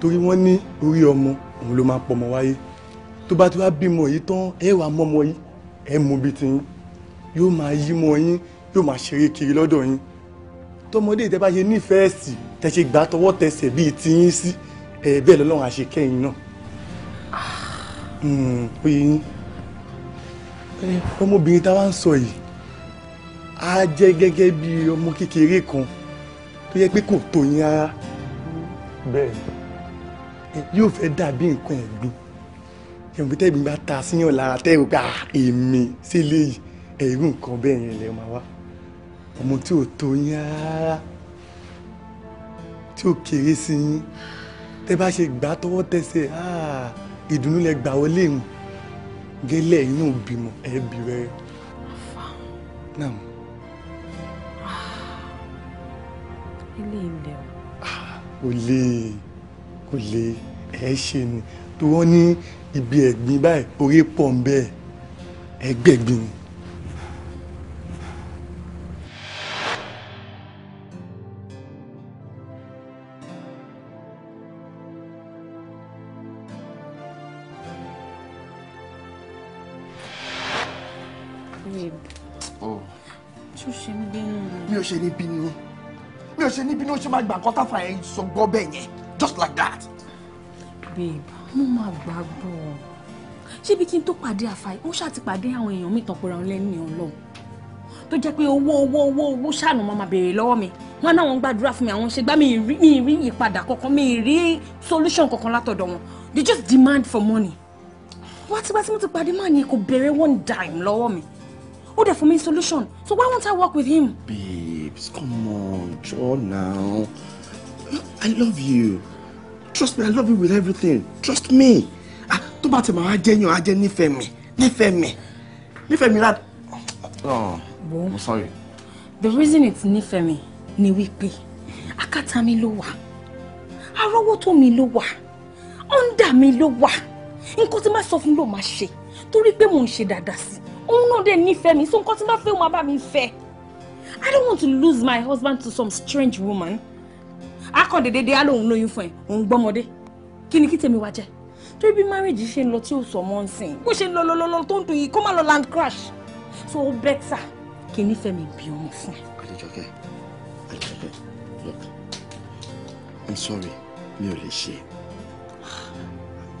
torí wọ́n ní orí ọmọ òun ló máa pọmọ wáyé tó bá ti wá bímọ yìí tán ẹ wàá mọmọ yìí ẹ mú bí ti yín yóò máa yí mọ yín yóò máa ṣeré kiri lọ́dọ̀ yín tọmọdé ìtẹ́ bá nífẹ̀ẹ́ sí i tẹ ṣe gbà tọwọ́ tẹsẹ̀ bíi tiyín sí ẹ bẹ́ẹ̀ lọ́lọ́run àṣekẹ́yìn náà ó hmm, yẹ yín ọmọbìnrin tá a wá ń sọ yìí á jẹ́ gẹ́gẹ́ bí ọmọ kékeré kan tó yẹ pé kò tó yín rárá bẹ́ẹ̀ yóò fẹ́ dàbí nǹkan ẹ̀gbin ẹ̀mí tẹ́gbìn bá ta síyàn lára tẹ́rù pé ah, èmi sílé yìí ẹ̀rù nǹkan bẹ́ẹ̀ yẹn lè máa wá ọmọ tí ò tó yín rárá tí ò kéré sí yín tẹ bá ṣe gbà tọwọ́ tẹsẹ̀ ìdùnnú lẹ gbà wọlé ìhùn gẹ́lẹ́ inú bímọ ẹ bí rẹ. ilé ilẹ̀ o. Ah, kò lè kò lè ẹ ṣe ni tí wọ́n ní ibi ẹ̀gbin báyìí orí pọ̀ ń bẹ́ẹ̀ ẹgbẹ̀gbin ni. nǹkan táfà yẹn sọ gbọ́ bẹ́ẹ̀ just like that. babe mo máa gbàgbọ́ ṣébi kí n tó pàdé àfàì ó ṣáà ti pàdé àwọn èèyàn mi tànpọ̀ra wọn lẹ́nu ìhàn lọ́hùn tó jẹ́ pé owó owó owó owó ṣàánú máa béèrè lọ́wọ́ mi wọn náà wọn gbàdúrà fún mi àwọn ṣe gbá mi rí mi rí ìyípadà kankan mi rí solution kankan látọ̀dọ̀ wọn they just demand for money What tí wá tí mo ti pàdé máa ní kò béèrè one dime lọ́wọ́ mi ó there for me solution so why won't I work with him. babes come on jọ now. I love you. Trust me, I love you with everything. Trust me. Ah, tó bá ti máa jẹ́yàn, á jẹ́ nífẹ̀ẹ́ mi. Nífẹ̀ẹ́ mi. Nífẹ̀ẹ́ mi láti. Oh, I'm sorry. The reason it's nífẹ̀ẹ́ mi ni wípé akátá mi ló wà. Arọ́wọ́tó mi ló wà. Ọ́ndà mi ló wà. Nǹkan tí máa sọ fún ló máa ṣe. Torí pé mò ń ṣe dáadáa sí. Òun náà dẹ̀ nífẹ̀ẹ́ mi. So nǹkan tí máa fẹ́, ó máa bá mi fẹ́. I don't want to lose my husband to some strange woman akọ̀dédédé á lóun lóyún fún ẹ òun gbọ́mọdé kí ni kí tèmi wá jẹ́ torí bí márèjì ṣe ń lọ tí ò sọ mọ́ ń sìn bó ṣe ń lọ lọ lọ tó ń dùn yìí kó má lọ land crash so better kí ni fẹ́mi bí ọmọ fún ẹ. Adéjọkẹ́ Adéjọkẹ́ look I'm sorry mi ò lè ṣe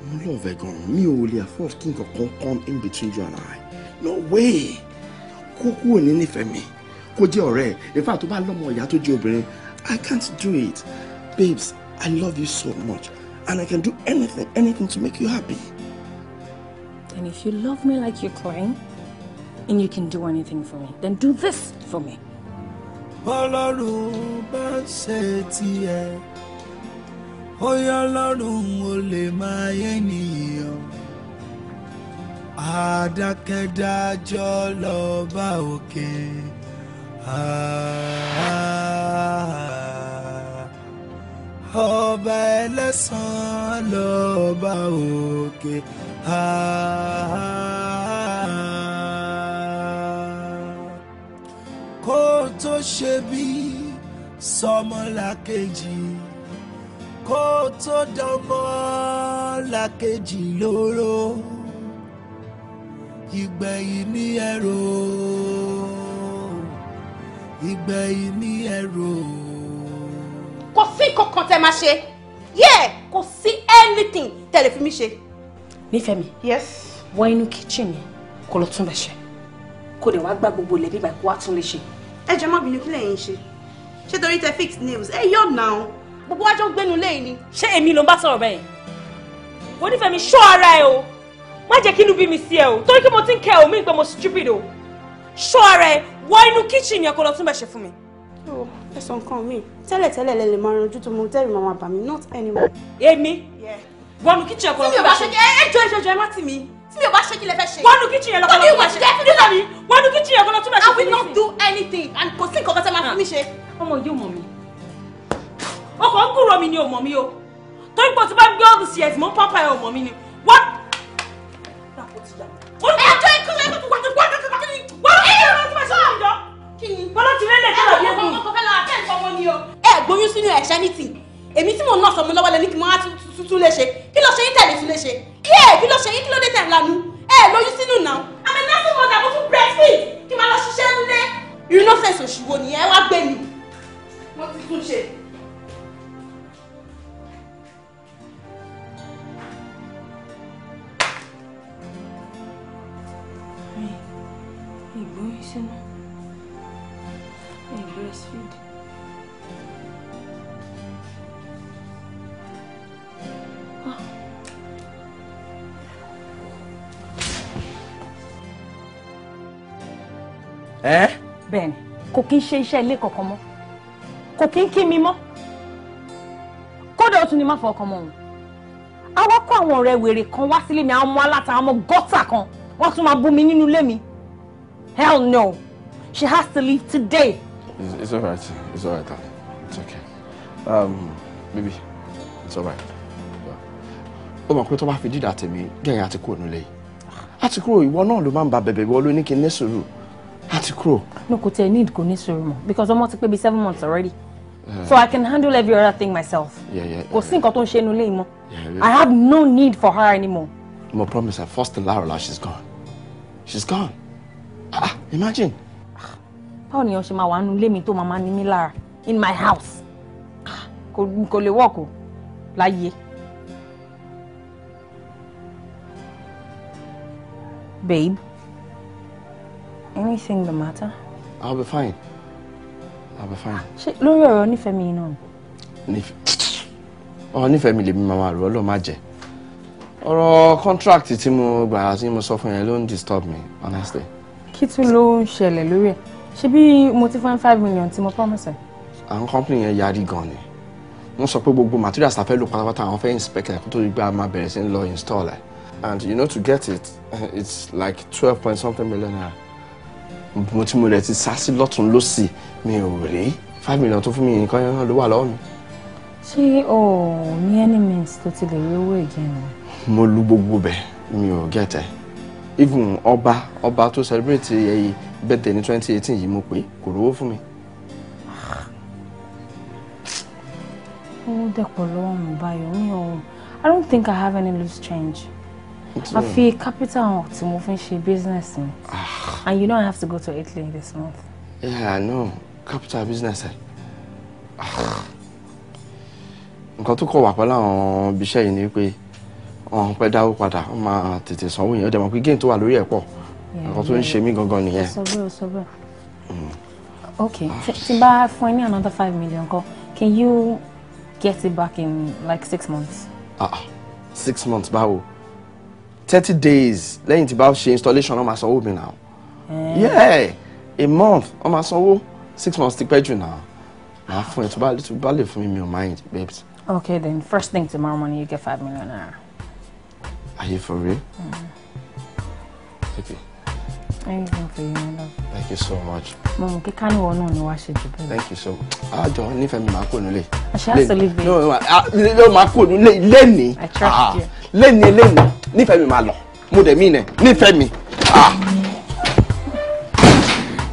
mo love ẹ gan mi ò lè afford kí nǹkan kan come in between you and I no way kókó ò ní nífẹ̀ẹ́ mi kó jẹ́ ọ̀rẹ́ ẹ̀ tó bá lọ́mọ ìyá tó jẹ́ obìnrin I can't do it. Babes, I love you so much. And I can do anything, anything to make you happy. And if you love me like you claim, and you can do anything for me, then do this for me. Ọlọ́run bá ṣe lè máa yé nìyẹn. Àdákẹ́dájọ́ lọ́ba òkè. Ah. ọba ẹlẹ́sàn-án lọ́ba òkè kó tó ṣe bí sọmọlàkejì kó tó dánmọ́làkejì lóró ìgbẹ̀yìn ní ẹ̀rọ ìgbẹ̀yìn ní ẹ̀rọ kò sí kankan tẹ máa ṣe yẹ kò sí anything tẹ lè fi mí ṣe. nífẹ̀ẹ́ mi wọ inú kitchen yẹn kó lọ tún bẹ̀ ṣe kó dẹ̀ wá gbá gbogbo ilẹ̀ bíbá kó wá tún lè ṣe. ẹ jẹ́ má bínú kí lẹ́yìn ṣe ṣé torí tẹ fix nails ẹ yọ̀ náà gbogbo wájú gbẹ́nu lẹ́yìn ni. ṣé èmi ló ń bá sọ̀rọ̀ bẹ́ẹ̀ mo nífẹ̀ẹ́ mi ṣọ́ ara ẹ o má jẹ́ kí inú bí mi sí ẹ o torí pé mo ti ń kẹ́ omi pé mo stupid o ṣọ́ ara ẹ wọ inú kitchen yẹn kó lọ tún bẹ̀ ṣe fún mi. Oh ẹ̀sọ̀ nǹkan mi tẹ́lẹ̀tẹ́lẹ̀ lẹ lè máa ranjú tó mo tẹ́rù màmá bà mí not anyone. èmi wọnú kíchì ẹ̀kọ́ lọ́kọ́ tí mi ò bá ṣe kí ẹ jọ ẹjọ ẹjọ ẹ má tì mí tí mi ò bá ṣe kí lẹ fẹ́ ṣe. wọnú kíchì yẹn lọ́kọ́ lọ́kọ́ ṣe nígbà mi wọnú kíchì yẹn lọ́kọ́ ṣe. I will not do anything and kò sí nǹkan kan tẹ́ máa fi mí ṣe. ọmọ yóò mọ̀ mi ọkọ̀ ń kúrò mi ni ò mọ̀ mi o torí pé o ti bá gbé all these years mọ́ pápá ẹ̀ ò mọ̀ mi ni what. ẹjọ́ ikú ẹ̀kọ́ tó wà bọ́lá ti rẹ́lẹ̀ tó lọ́ọ́ yẹ́gun. ẹ kò èmi tí mò ń nà sọmọ lọ́wọ́ lẹ́ni kí mo á tún lè ṣe kí ló ṣe yín tẹ̀lé tún lè ṣe kí ẹ kí ló ṣe yín kí ló dé tẹ̀ lánàá ẹ lóyún sínú náà kì í ṣe iṣẹ́ ilé kankan mọ́ kò kì í kí mi mọ́ kódà ó tún ní má fọ ọkàn mọ́ òun àwa kó àwọn ọ̀rẹ́ wèrè kan wá sílé mi àwọn ọmọ aláta àwọn ọmọ gọ́tà kan wọ́n tún máa bú mi nínú ilé mi hell no she has to leave today. it's, it's alright it's alright darling it's okay um, maybe it's alright ó mọ̀ pé tó bá fi dídà tèmi gẹ̀yìn àti kúrò nílé yìí àti kúrò ìwọ náà ló máa ń ba bẹ̀bẹ̀ ìwọ ló ní kí n ní sùúrù a ti kúrò. no kò tẹ need kò ní sùúrù mọ́ because ọmọ ti pé bíi seven months already eh. so i can handle every other thing myself kò sí nǹkan tó ń ṣe inú ilé mọ́ i have no need for her anymore. mo promise her first larola she's gone she's gone ah, ah imagine. Ah, báwo ni ọ̀sẹ̀ máa wà nínú ilé mi tó máa máa ní mí lára in my house ah, kò lè wọ́ọ̀kù láyé. babe anything the matter? I'll be fine. I'll be fine. Ṣé lórí ọ̀rọ̀ onífẹ̀mí iná ni? Nífẹ̀ ọ onífẹ̀mí lèmi máa máa rò ọ́ ló máa jẹ. Ọ̀rọ̀ contract tí mo gbà tí mo sọ fún yẹn ló ń disturb me honestly. Kí tún ló ń ṣẹlẹ̀ lórí ẹ̀? Ṣé bí mo ti fún five million tí mo promise ẹ̀? Àwọn company yẹn yarí gan ni. Wọ́n sọ pé gbogbo materials ta fẹ́ lò pátápátá àwọn fẹ́ inspect ẹ̀ kó tó di pé a máa bẹ̀rẹ̀ sí ń lọ install ẹ̀. And you know to get it, it's like twelve point something million naira mo tí mo rẹ̀ ti sá sí lọ́tún lọ́sì mi ò rí five million tó fún mi nǹkan yẹn ló wà lọ́wọ́ mi. ṣé o ní any means tó ti lè rí owó again mo lu gbogbo bẹ mi ò gẹ̀tẹ̀ even ọba ọba tó celebrate ẹyẹ birthday ní twenty eighteen yìí mo pè kò rówó fún mi. ó dẹ̀pọ̀ lọ́wọ́ mi báyọ̀ mi ò I don't think I have any loose change. I feel capital to move fi ń business mi. Ah. And you know I have to go to Italy this month. Yeah, I know. Capital business ẹ̀. Ah. Nǹkan tó kọ̀ wà pẹ̀lú àwọn ibiṣẹ́ yìí ni pé ọ̀hún pẹ́ dáwó padà wọ́n máa tètè sanwó yẹn. Ó dẹ̀ mọ̀ pé géèmù tó wà lórí ẹ̀ pọ̀. Nǹkan tó ń ṣe mí gangan nìyẹn. Hmm. Ok, ah. tí bá fún ẹ ní another five million kọ́, can you get it back in like six months? Ah, six months báwo? thirty days lẹ́yìn tí bá ṣe installation wọ́n máa sanwó mi náà yeah a month wọ́n máa sanwó six months ti pẹ́ jù náà máa fún ẹ tó bá tó bá lè fún mi mi ò mind babes. okay then first thing tomorrow morning you get five million naira. are you for real. Mm. okay anything for you my love. thank you so much. Mom, mọ can you wọn náà ni wàá ṣe thank you so much. àjọ ah, nífẹ̀ẹ́ mi máa kó nílé. àṣà àṣọlẹ̀ no no ah, máa kó nílé lẹ́nìí. i trust ah, you. lẹ́nìí lẹ́nìí nífẹ̀ẹ́ me máa lọ mo dẹ̀ mí nẹ me. Ah.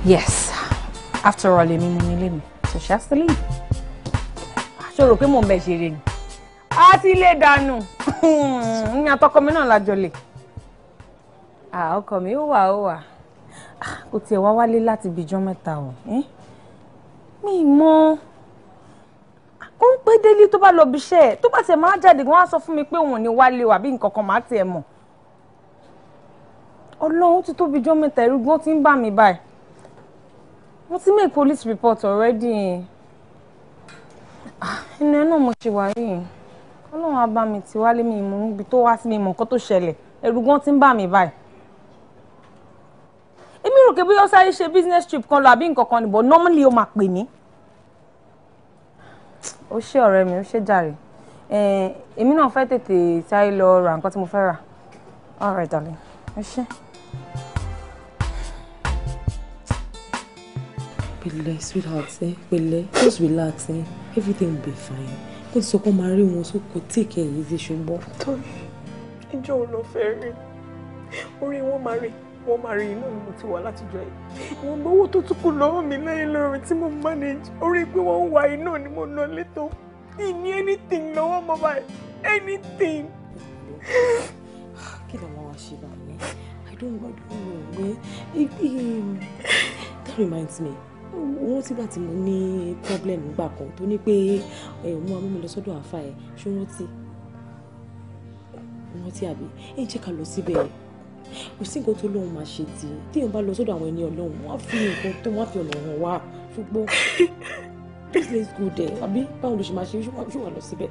yes after all èmi mo nílé mi so she ṣe àṣọlẹ̀ yìí. so pé mò ń bẹ̀ ṣe eré ni a ti lè dànù ní hmm, àtọkọ mi náà lájọ lè. ọkọ mi ó wà ó wà. Ah, kò tiẹ̀ wá wálé láti bíjọ́ mẹ́ta o mi mọ ó ń pé délé tó bá lọ bíṣẹ́ ẹ̀ tó bá tiẹ̀ máa jáde wọ́n á sọ fún mi pé òun ò ní wálé o àbí nǹkan kan máa tiẹ̀ mọ̀ ọlọ́run ti tó bíjọ́ mẹ́ta ẹ̀rù gan ti ń bà mí báyìí mo ti make police report already ah, inú ẹ náà mo ṣe wà yìí ọlọ́run á bá mi ti wálé mi ìmọ̀ níbi tó wá sí mi mọ̀ nǹkan tó ṣẹlẹ̀ ẹ̀rù ti ń bà mí báyìí pé bí ó sáré ṣe business trip kan lọ àbí nǹkan kan nìbọn normally ó máa pè mí. ó ṣe ọ̀rẹ́ mi ó ṣe jàre èmi náà fẹ́ tètè sáré lọ ra nǹkan tí mo fẹ́ rà all right darling ẹ ṣe. pẹ̀lẹ́ sweetheart ẹ pẹ̀lẹ́ just relax ẹ everything will be fine kó ti sọ pé máa rí wọn so kò take easy ṣùgbọ́n. torí ìjọ ò lọ fẹ́ rí orí wọn máa rí wọ́n máa rí iná mo ti wà látijọ́ ẹ̀ wọ́n gbọ́ owó tó tún kù lọ́wọ́ mi lẹ́yìn lọ́rùn tí mo manage orí pé wọ́n ń iná ni mo lọ létò ìní anything lọ́wọ́ mọ́ báyìí anything. kí ló máa wá ṣe báyìí i don't want to don't know pé eh? um, that reminds me wọ́n ti gbà tí mo ní problem nígbà kan tó ní pé mo eh, máa mú mi lọ sọ́dọ̀ àáfà ẹ̀ ṣé wọ́n ti wọ́n ti àbí ẹ̀ jẹ́ ká lọ síbẹ̀ yẹn kò sí nǹkan tó lóun máa ṣe tí téèyàn bá lọ sọ́dọ̀ àwọn ẹni ọlọ́run wọ́n á fi nǹkan tó wọ́n á fi ọ̀nà hàn wá ṣùgbọ́n this place go there àbí báwo ló ṣe máa ṣe ṣé wà lọ síbẹ̀.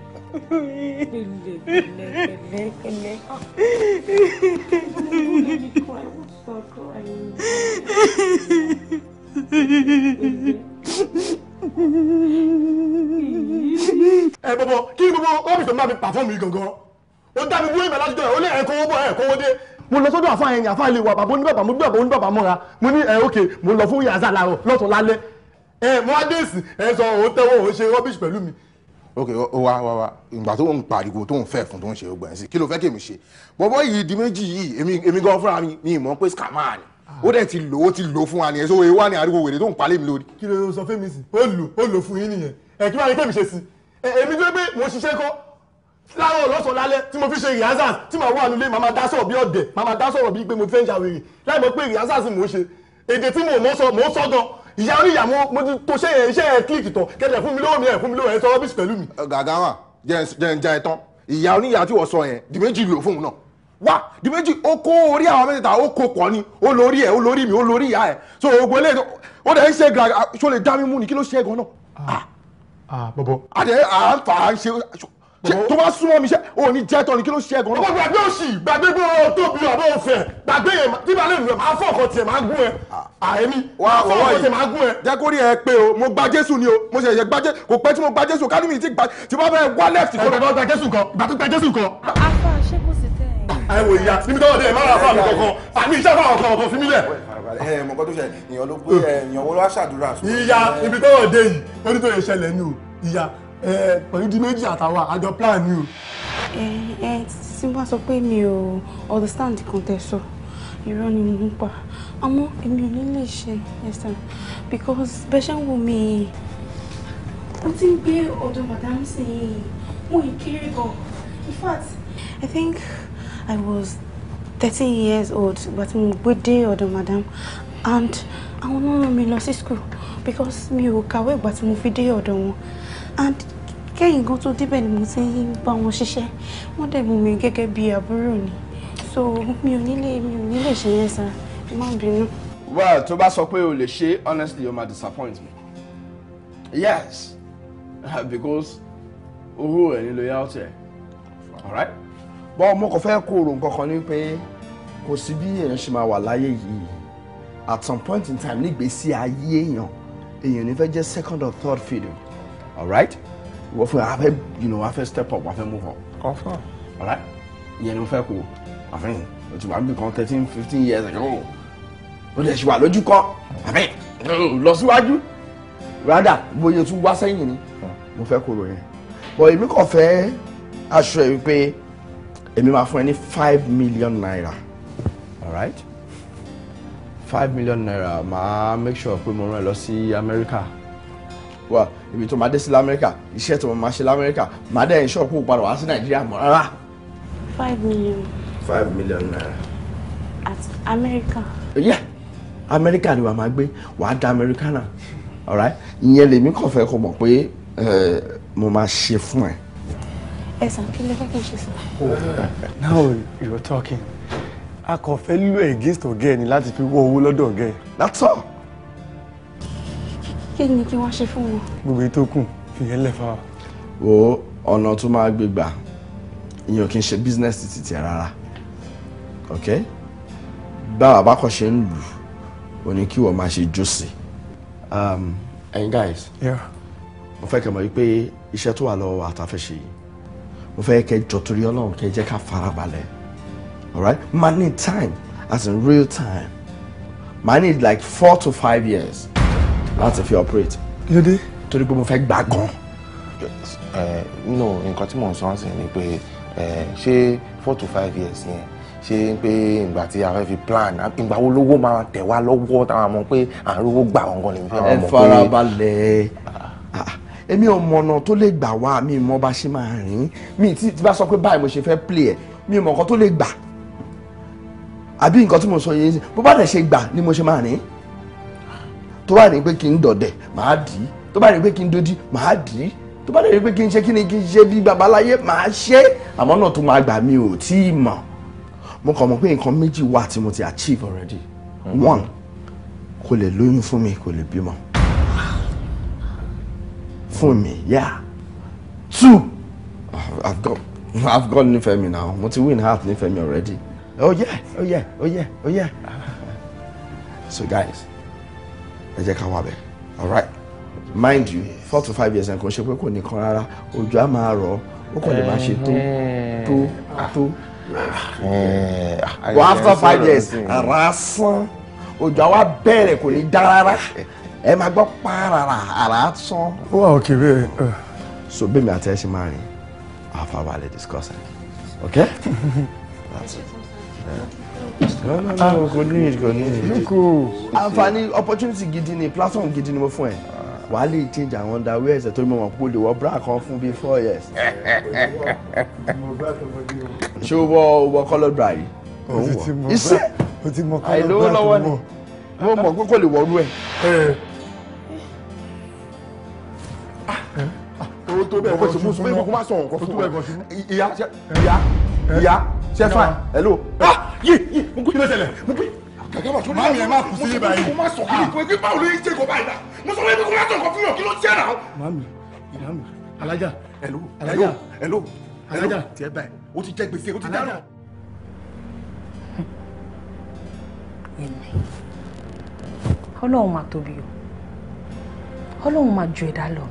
ẹ bọ̀bọ̀ kí gbogbo ọ́fíìsì máa fi pàfọ́ọ̀mù yìí gangan ó dá mi wúwo ìbẹ̀lá jùlọ ó lé ẹ̀kọ́ owó bọ̀ ẹ̀kọ́ owó dé mo lọ sọ́dọ̀ àfa ẹ̀yìn àfa ilé wa bàbá oníbàbà mo gbé bàbá oníbàbà mọ́ra mo ní ẹ ok mo lọ fún yàrá làárọ̀ lọ́tún lálẹ́ ẹ mo wá dé sí ẹ sọ òun tẹ́wọ́ òun ṣe rubbish pẹ̀lú mi. ok wa wa wa ìgbà tó ń pariwo tó ń fẹ́ fún tó ń ṣe ogbà ẹ̀ sí kí ló fẹ́ kí èmi ṣe bọ́bọ́ yìí di méjì yìí èmi gan fúnra mi mi mọ̀ pé scammer ni ó dẹ̀ ti lò ó ti lò fún wa nìyẹn so ewa ni ariwo wèrè tó ń palẹ̀ mi lórí. kí ló sọ fún mi sí ó lò ó lò fún yín nìyẹn ẹ kí wàá ní kí láwọn ọlọ́sọ̀ lálẹ́ tí mo fi ṣe rehearsals tí màá wà nílé màmá dá sọ̀rọ̀ bí ọ̀dẹ̀ màmá dá sọ̀rọ̀ bí pé mo fẹ́ ń ṣàwèrè láì mọ̀ pé rehearsals mò ń ṣe èdè tí mo sọ mò ń sọ gan ìyá oníyà mo ti tó ṣe iṣẹ́ ẹ̀ kílìkì tán kẹ̀dẹ̀ fún mi lọ́wọ́ mi ẹ̀ fún mi lọ́wọ́ ẹ̀ sọ rọ́bìsì pẹ̀lú mi. gàgà wà jẹ́ ń ja ẹ tán ìyá oníyà tí wọ́n sọ yẹn di méjì lò fóun náà wá di méjì ó kó orí àwọn mẹ́tẹ̀ẹ̀ta ó kó pọ̀ ni ó lórí ẹ̀ ó lórí mi ó lórí ìyá ẹ̀ so ògùn eléyìí ó dẹ̀ ń ṣe gàgà ṣó lè dá mi mú ni kí ló ṣe é gan náà. Ah, ah, bọ̀bọ̀. àdé à ń fà á ń ṣe ṣé tó bá súnmọ́ mi ṣe ò ní jẹ́ tọ́ni kí ló ṣe ẹ̀gàn náà. gbàgbé òsì gbàgbé bó o tóbi àbọ̀ òfẹ́ gbàgbé yẹn tí bá lè lù ẹ̀ máa fọ́ ọkọ̀ tiẹ̀ máa gún ẹ ah. àyẹ̀mí máa fọ́ ọkọ̀ tiẹ̀ máa gún ẹ. jẹ́ kó rí ẹ pé o mo gba Jésù ni o mo ṣe ṣe gba Jésù kò pẹ́ tí mo gba Jésù ká ní mi ti gba tí bá bẹ́ẹ̀ wá lẹ́fì. ẹ bá gba Jésù kan gbà tó gba Jésù kan. afa ṣé kò sì tẹ ẹ wo ìyá níbi tọ́wọ́ dé ẹ má ra fáàmì kankan àmì iṣẹ́ fáwọn kan ọ̀kan fi mílẹ̀. ẹ mọ̀ nǹkan tó ṣẹlẹ̀ ìyàn ló gbé ìyàn wo ló wá ṣàdúrà. ìyá ibi tọ́wọ́ dé yìí ó ní tó yẹ ṣẹlẹ̀ ni pẹ̀lú di méjì àtàwọn àjọ plan ni o. ẹ ẹ tí wàá sọ pé mi ò understand kan tẹ sọ irọ́ ni mo ń pa àmọ́ èmi ò ní lè ṣe ẹ̀sà because bẹ́ẹ̀ ṣe ń wò mí mo ti ń gbé ọ̀dọ̀ madam sí i mo ì kéré gan in fact I think I was thirteen years old but mo gbé dé ọ̀dọ̀ madam and àwọn náà rán mi lọ sí school because mi ò kàwé ìgbà tí mo fi dé ọ̀dọ̀ wọn and kẹ́yìn gan tó débẹ̀ ni mo ti ń bá wọn ṣiṣẹ́ wọ́n dẹ̀ mú mi gẹ́gẹ́ bí àbúrò ni so mi ò nílé mi ò nílé ṣe yẹn sir má bínú. well tó bá sọ pé o lè ṣe honestly o ma disappoint me yes because owó ẹ̀ nílò yá ọ̀tẹ̀ alright bọ́ ọmọ kan fẹ́ kó ro nǹkan kan pé kò sí bí èèyàn ṣe máa wà láyé yìí at some point in time nígbésí ayé èèyàn èèyàn ní fẹ́ jẹ́ second or third fiddle alright wọ́n fẹ́ afẹ́ you know afẹ́ step up afẹ́ move up. kọ́fà. ọ̀rẹ́ ìyẹn ni mo fẹ́ kó àfẹ́yìn o ti wà níbi kan thirteen fifteen years ago o lè ṣe wà lójú kan àfẹ́yìn lọ síwájú rádà bóyá tún wá sẹ́yìn ni mo fẹ́ kó ròyìn but èmi kàn fẹ́ aṣọ ẹ̀ wípé èmi máa fún ẹ ní five million naira alright five million naira màá make sure pé mo rán ẹ lọ sí America wà ibi tó máa dé sí lamẹ́ríkà iṣẹ́ tó máa ṣe lamẹ́ríkà máa dẹ̀ ìṣọ́ kó padà wá sí nàìjíríà mọ́ rárá. five million. five million naira. at america. yeah amẹ́ríkà ni wà máa gbé wàá da amẹ́ríkà náà alright ìyẹn lèmi kàn fẹ́ kó mọ̀ pé mo máa ṣe fún ẹ. ẹ sàn kí lè fẹ́ kí n ṣe sàn. now you're talking a kàn fẹ́ lù against ọ̀gá ẹ ni láti fi wọ owó lọ́dọ̀ ọ̀gá that's all kí ni kí wọ́n ṣe fún wọn. gbogbo ètò kù fìyẹn lẹ̀ wo ọ̀nà tó máa gbé gbà ìyẹn ò kí ṣe business ti rárá ok báwa bá kàn ṣe ń lù ú ní kí wọ́n máa ṣe jó sí. Um, guys mo fẹ́ kẹ́ mọ̀ wípé iṣẹ́ tó wà lọ́wọ́ àtàfẹ́ṣe yìí mo fẹ́ kẹ́ jọ torí ọlọ́run kẹ́ jẹ́ ká farabalẹ̀ alright ma need time as in real time ma need like four to five years láti fi operate. kí ló dé. torí pé mo fẹ́ gbà gan. no nǹkan tí mò ń sọ ọ́n sì ni pé ṣé four to five years yẹn ṣe pé ìgbà tí a fẹ́ fi plan ìgbà wo lówó máa tẹ̀ wá lọ́wọ́ táwọn mọ̀ pé à ń rówó gbà wọn gan ni fẹ́ ẹ farabalẹ̀ ah, èmi ò mọ̀nà tó lè gbà wá mi mọ̀ bá ṣe máa rìn mi tí bá sọ pé báyìí mo ṣe fẹ́ play ẹ̀ mi mọ̀ nǹkan tó lè gbà àbí nǹkan tí mo sọ yẹn bó bá dẹ̀ ṣe gbà ni mo ṣe máa rìn tó bá rí pé kí n dọ̀dẹ̀ màá dì í tó bá rí pé kí n dodi màá dì í tó bá rí pé kí n ṣe kí ni kí n ṣe bí babaláyé màá ṣe àmọ́ náà tó máa gbà mí ò tí ì mọ̀ mo kàn mọ̀ pé nǹkan méjì wà tí mo ti achieve already mm-hmm. one kò lè lóyún fún mi kò lè bímọ fún mi yeah two I've got I've got Nífẹ̀mí now mo ti win heart Nífẹ̀mí already oh yeah oh yeah oh yeah oh yeah so guys ẹ jẹ́ ká wà bẹ́ẹ̀ all right mind you four to five years nǹkan ṣe pé kò ní kan rárá òjò á máa rọ̀ ó kàn lè máa ṣe tó tó tó but after five years ara sán òjò àwa bẹ̀rẹ̀ kò ní dá rárá ẹ máa gbọ́ pààrà ara sán. ó wà òkè bẹ́ẹ̀. Uh. so bẹ́ẹ̀ mi àti ẹ ṣe máa rìn àfàwálẹ̀ discuss it okay. That's it. Yeah no no kò ní kò ní. àǹfààní opportunity gidi ni platform gidi ni mo fún ẹ wàá lè change àwọn underwear ẹsẹ̀ tó mọ̀ mọ̀ pé o lè wọ bra kan fún bíi four years. ṣé o wọ o wọ colour bra yìí. òun wọ iṣẹ́ àìlówó lọ́wọ́ ni mo mọ̀ pé kò lè wọ́ọ́rú ẹ̀. tó bẹ́ẹ̀ kọ́ sí mú kó má sọ nǹkan fún wa ìyá ìyá ìyá ṣe fún wa hello. yìí yìí mú kí ló ṣẹlẹ̀ mú kí. Máa mi ẹ máa kù sí ibà yìí. Mo máa sọ kí ni pé báwo ló yẹ jẹ́ kó báyìí dá? Mo sọ wípé kó má sọ nǹkan fún yàn kí ló jẹ́ náà. Màmí, ìyá mi, alájà. Hello, hello, hello, alájà. Tiẹ̀ báyìí, o ti jẹ gbèsè, o ti dáná. Èmi, Ọlọ́run máa tóbi o, Ọlọ́run máa ju ẹ̀dá lọ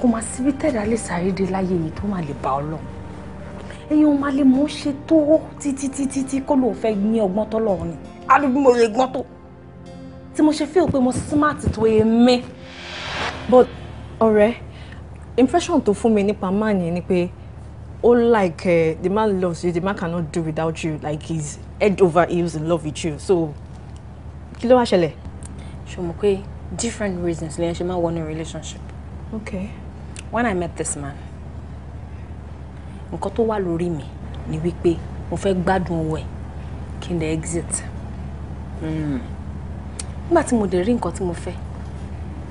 kò máa síbi tẹ̀dá lè sáré láyé yìí tó máa lè bá ọlọ́run èèyàn máa lè mọ̀ ṣe tó títí títí tí kó lóun fẹ́ ní ọgbọ́n tó lọ́run ni àbí mo lè gbọ́n tó tí mo ṣe feel pé mo smart tó èmi. but ọ̀rẹ́ impression tó fún mi nípa man yẹn ni pé ó like uh, the man loves you the man cannot do without you like he's head over heels in love with you so kí ló wá ṣẹlẹ̀. ṣùgbọ́n pé different reasons lèyàn ṣe máa wọnú relationship. okay when I met this man nǹkan tó wà lórí mi ni wípé mo fẹ́ gbádùn owó ẹ̀ kí n lè exit hmm. nígbà tí mo dẹ̀ rí nǹkan tí mo fẹ́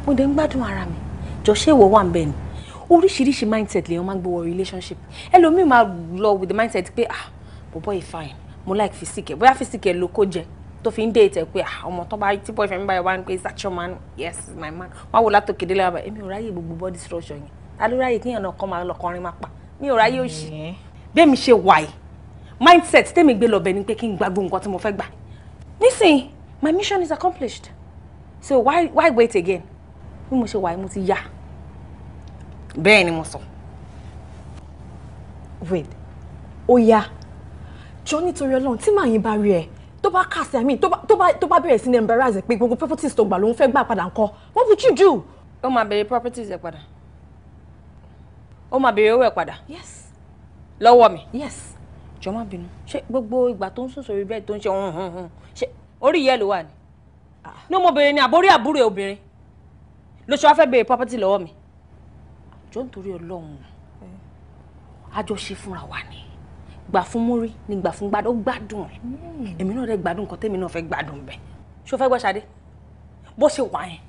mo dẹ̀ ń gbádùn ara mi jọ ṣé ìwọ wà ń bẹ̀ ni oríṣiríṣi mindset lèèyàn máa ń gbé wọ relationship ẹlòmíì máa lọ with the mindset pé ah bọ̀bọ̀ yìí fine mo like physique ẹ̀ bóyá physique ẹ̀ ló kó jẹ tó fi ń dé ìtẹ̀ pé ah, ọmọ tó bá tí boyfriend báyọ̀ wá ń pè is that your man yes my man wọ́n á wò látòkèdè lọ́wọ́ èmi ò ráyè gbogbo body structure yẹn ta ló ráyè kéèyàn náà kọ́ máa lọ kọrin máa pa mi ò ráyè òṣì mm-hmm. bẹ́ẹ̀ ṣe wà mindset tẹ́mi gbé lọ́bẹ̀ ni pé kí n gbàgbó nǹkan tí mo fẹ́ gbà nísìnyí my mission is accomplished so why why wait again bí mo ṣe wà yìí mo ti yá bẹ́ẹ̀ ni mo sọ. wait ó yá jọ nítorí ọlọ́run tí màá yín bá rí ẹ tó bá kàsí àmì tó bá bẹ̀rẹ̀ sí ní embarrass pé gbogbo properties tó gbà ló ń fẹ́ gbà padà ńkọ́ what would you do. ó máa béèrè properties ẹ padà ó máa béèrè owó ẹ̀ padà. yes. lọ́wọ́ mi. yes. jọ má bínú ṣé gbogbo ìgbà tó ń sùn sórí bẹ́ẹ̀ tó ń ṣe hàn hàn hàn ṣé orí ìyá ẹ̀ ló wà ni. Ah. ní ọmọbìnrin ni àbórí àbúrò obìnrin ló ṣe wá fẹ́ béèrè property lọ́wọ́ mi. jọ nítorí ọlọ́run hmm. àjọṣe fúnra wa ni gbà fún múrí ni gbà fún gbádùn ó gbádùn hmm. èmi náà rẹ gbádùn nǹkan tèmi náà fẹ́ gbádùn bẹ́ẹ̀ ṣó fẹ́ gbọ́ ṣadé bó ṣe wà yẹn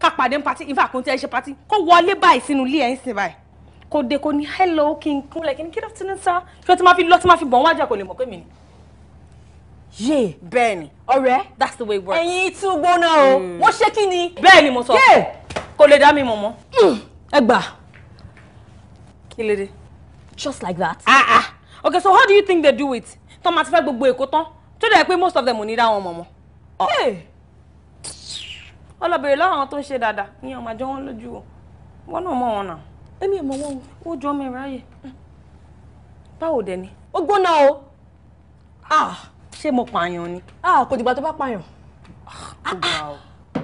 ká pàdé ń patí ìfà kò ń tẹ́ ẹ ṣe patí kó wọlé báyìí sínú ilé ẹ̀ ń sìn báyìí kò dé kò ní hello kí n kúnlẹ̀ kí n kí ló ti ní sá kí ló ti máa fi lọ ti máa fi bọ̀ wọ́n kò lè mọ̀ pé mi ni. yé bẹ́ẹ̀ni ọ̀rẹ́ that's the way it works. ẹ̀yin tún gbóná o hmm. wọ́n ṣe kí ni. bẹ́ẹ̀ni mo sọ kò lè dá mi mọ̀ mọ́. Hmm. ẹ gbà. kí ló dé. just like that. ah ah okay so how do you think they do it tán máa ti fẹ́ gbogbo èkó tán tó dẹ̀ pé most of them ò ní dá wọn mọ̀ mọ́. ọlọ́bẹ̀rẹ̀ lọ́wọ́ àwọn tó ń ṣe dáadáa ìyẹn ọmọ àjọ wọn lójú o wọn náà mọ̀ wọn náà èmi ò mọ wọn o ó jọ ọmọ ìráyè báwo dẹ ni. ó gbóná o ah, ṣé mo pààyàn ni. Ah, kò dìgbà tó bá pààyàn.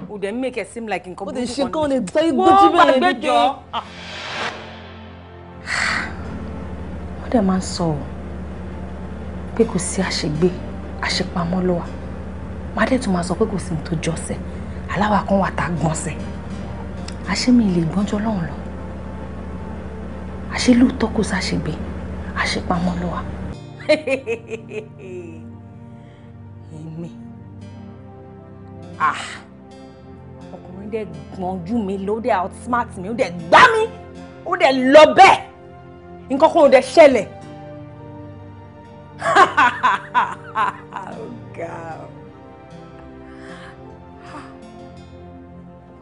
o dẹ̀ ń make it seem like nǹkan burúkú kan ni. o lè ṣe kán lè tọ́ igbó tí bẹ́ẹ̀ ni jọ. wọ́n dẹ̀ máa ń sọ ọ́ pé kò sí àṣegbé àṣepamọ́ ló wà má dẹ̀ tún máa sọ pé kò sí ní tó jọ́sẹ̀ aláwa kan wà tá a gbọ́nsẹ̀ àṣé mi lè gbọ́njọ́ lọ́hùn lọ àṣé lóòótọ́ kò sáṣegbè àṣepamọ́ ló wà. èmi ah! ọkùnrin dẹ̀ gbọ́njú mi ló dẹ̀ outsmart mi ó dẹ̀ gbá mi ó dẹ̀ lọ bẹ́ẹ̀ nǹkan kan ò dẹ̀ ṣẹlẹ̀. oh God.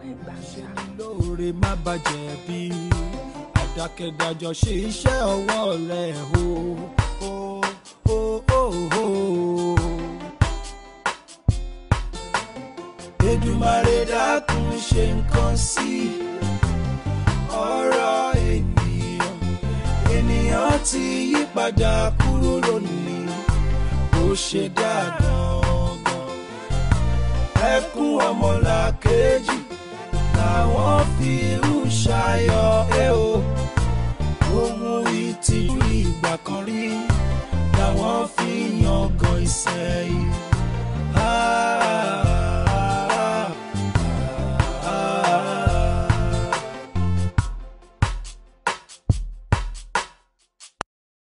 ìgbà ṣe lóore má bàjẹ́ bíi jákèjádò ṣe iṣẹ́ ọwọ́ rẹ̀ o. o, o, o, o. Èdùmàrè dákun ṣe nǹkan sí ọ̀rọ̀ ènìyàn ènìyàn ti yí padà kúrò lónìí ó ṣe dáadáa ẹkún ọmọlàkejì làwọn fi ń ṣayọ̀ ẹ o ohun ìtìjú ìgbà kan rí làwọn fi yan ọgọ ìsẹ̀yìn. Ah.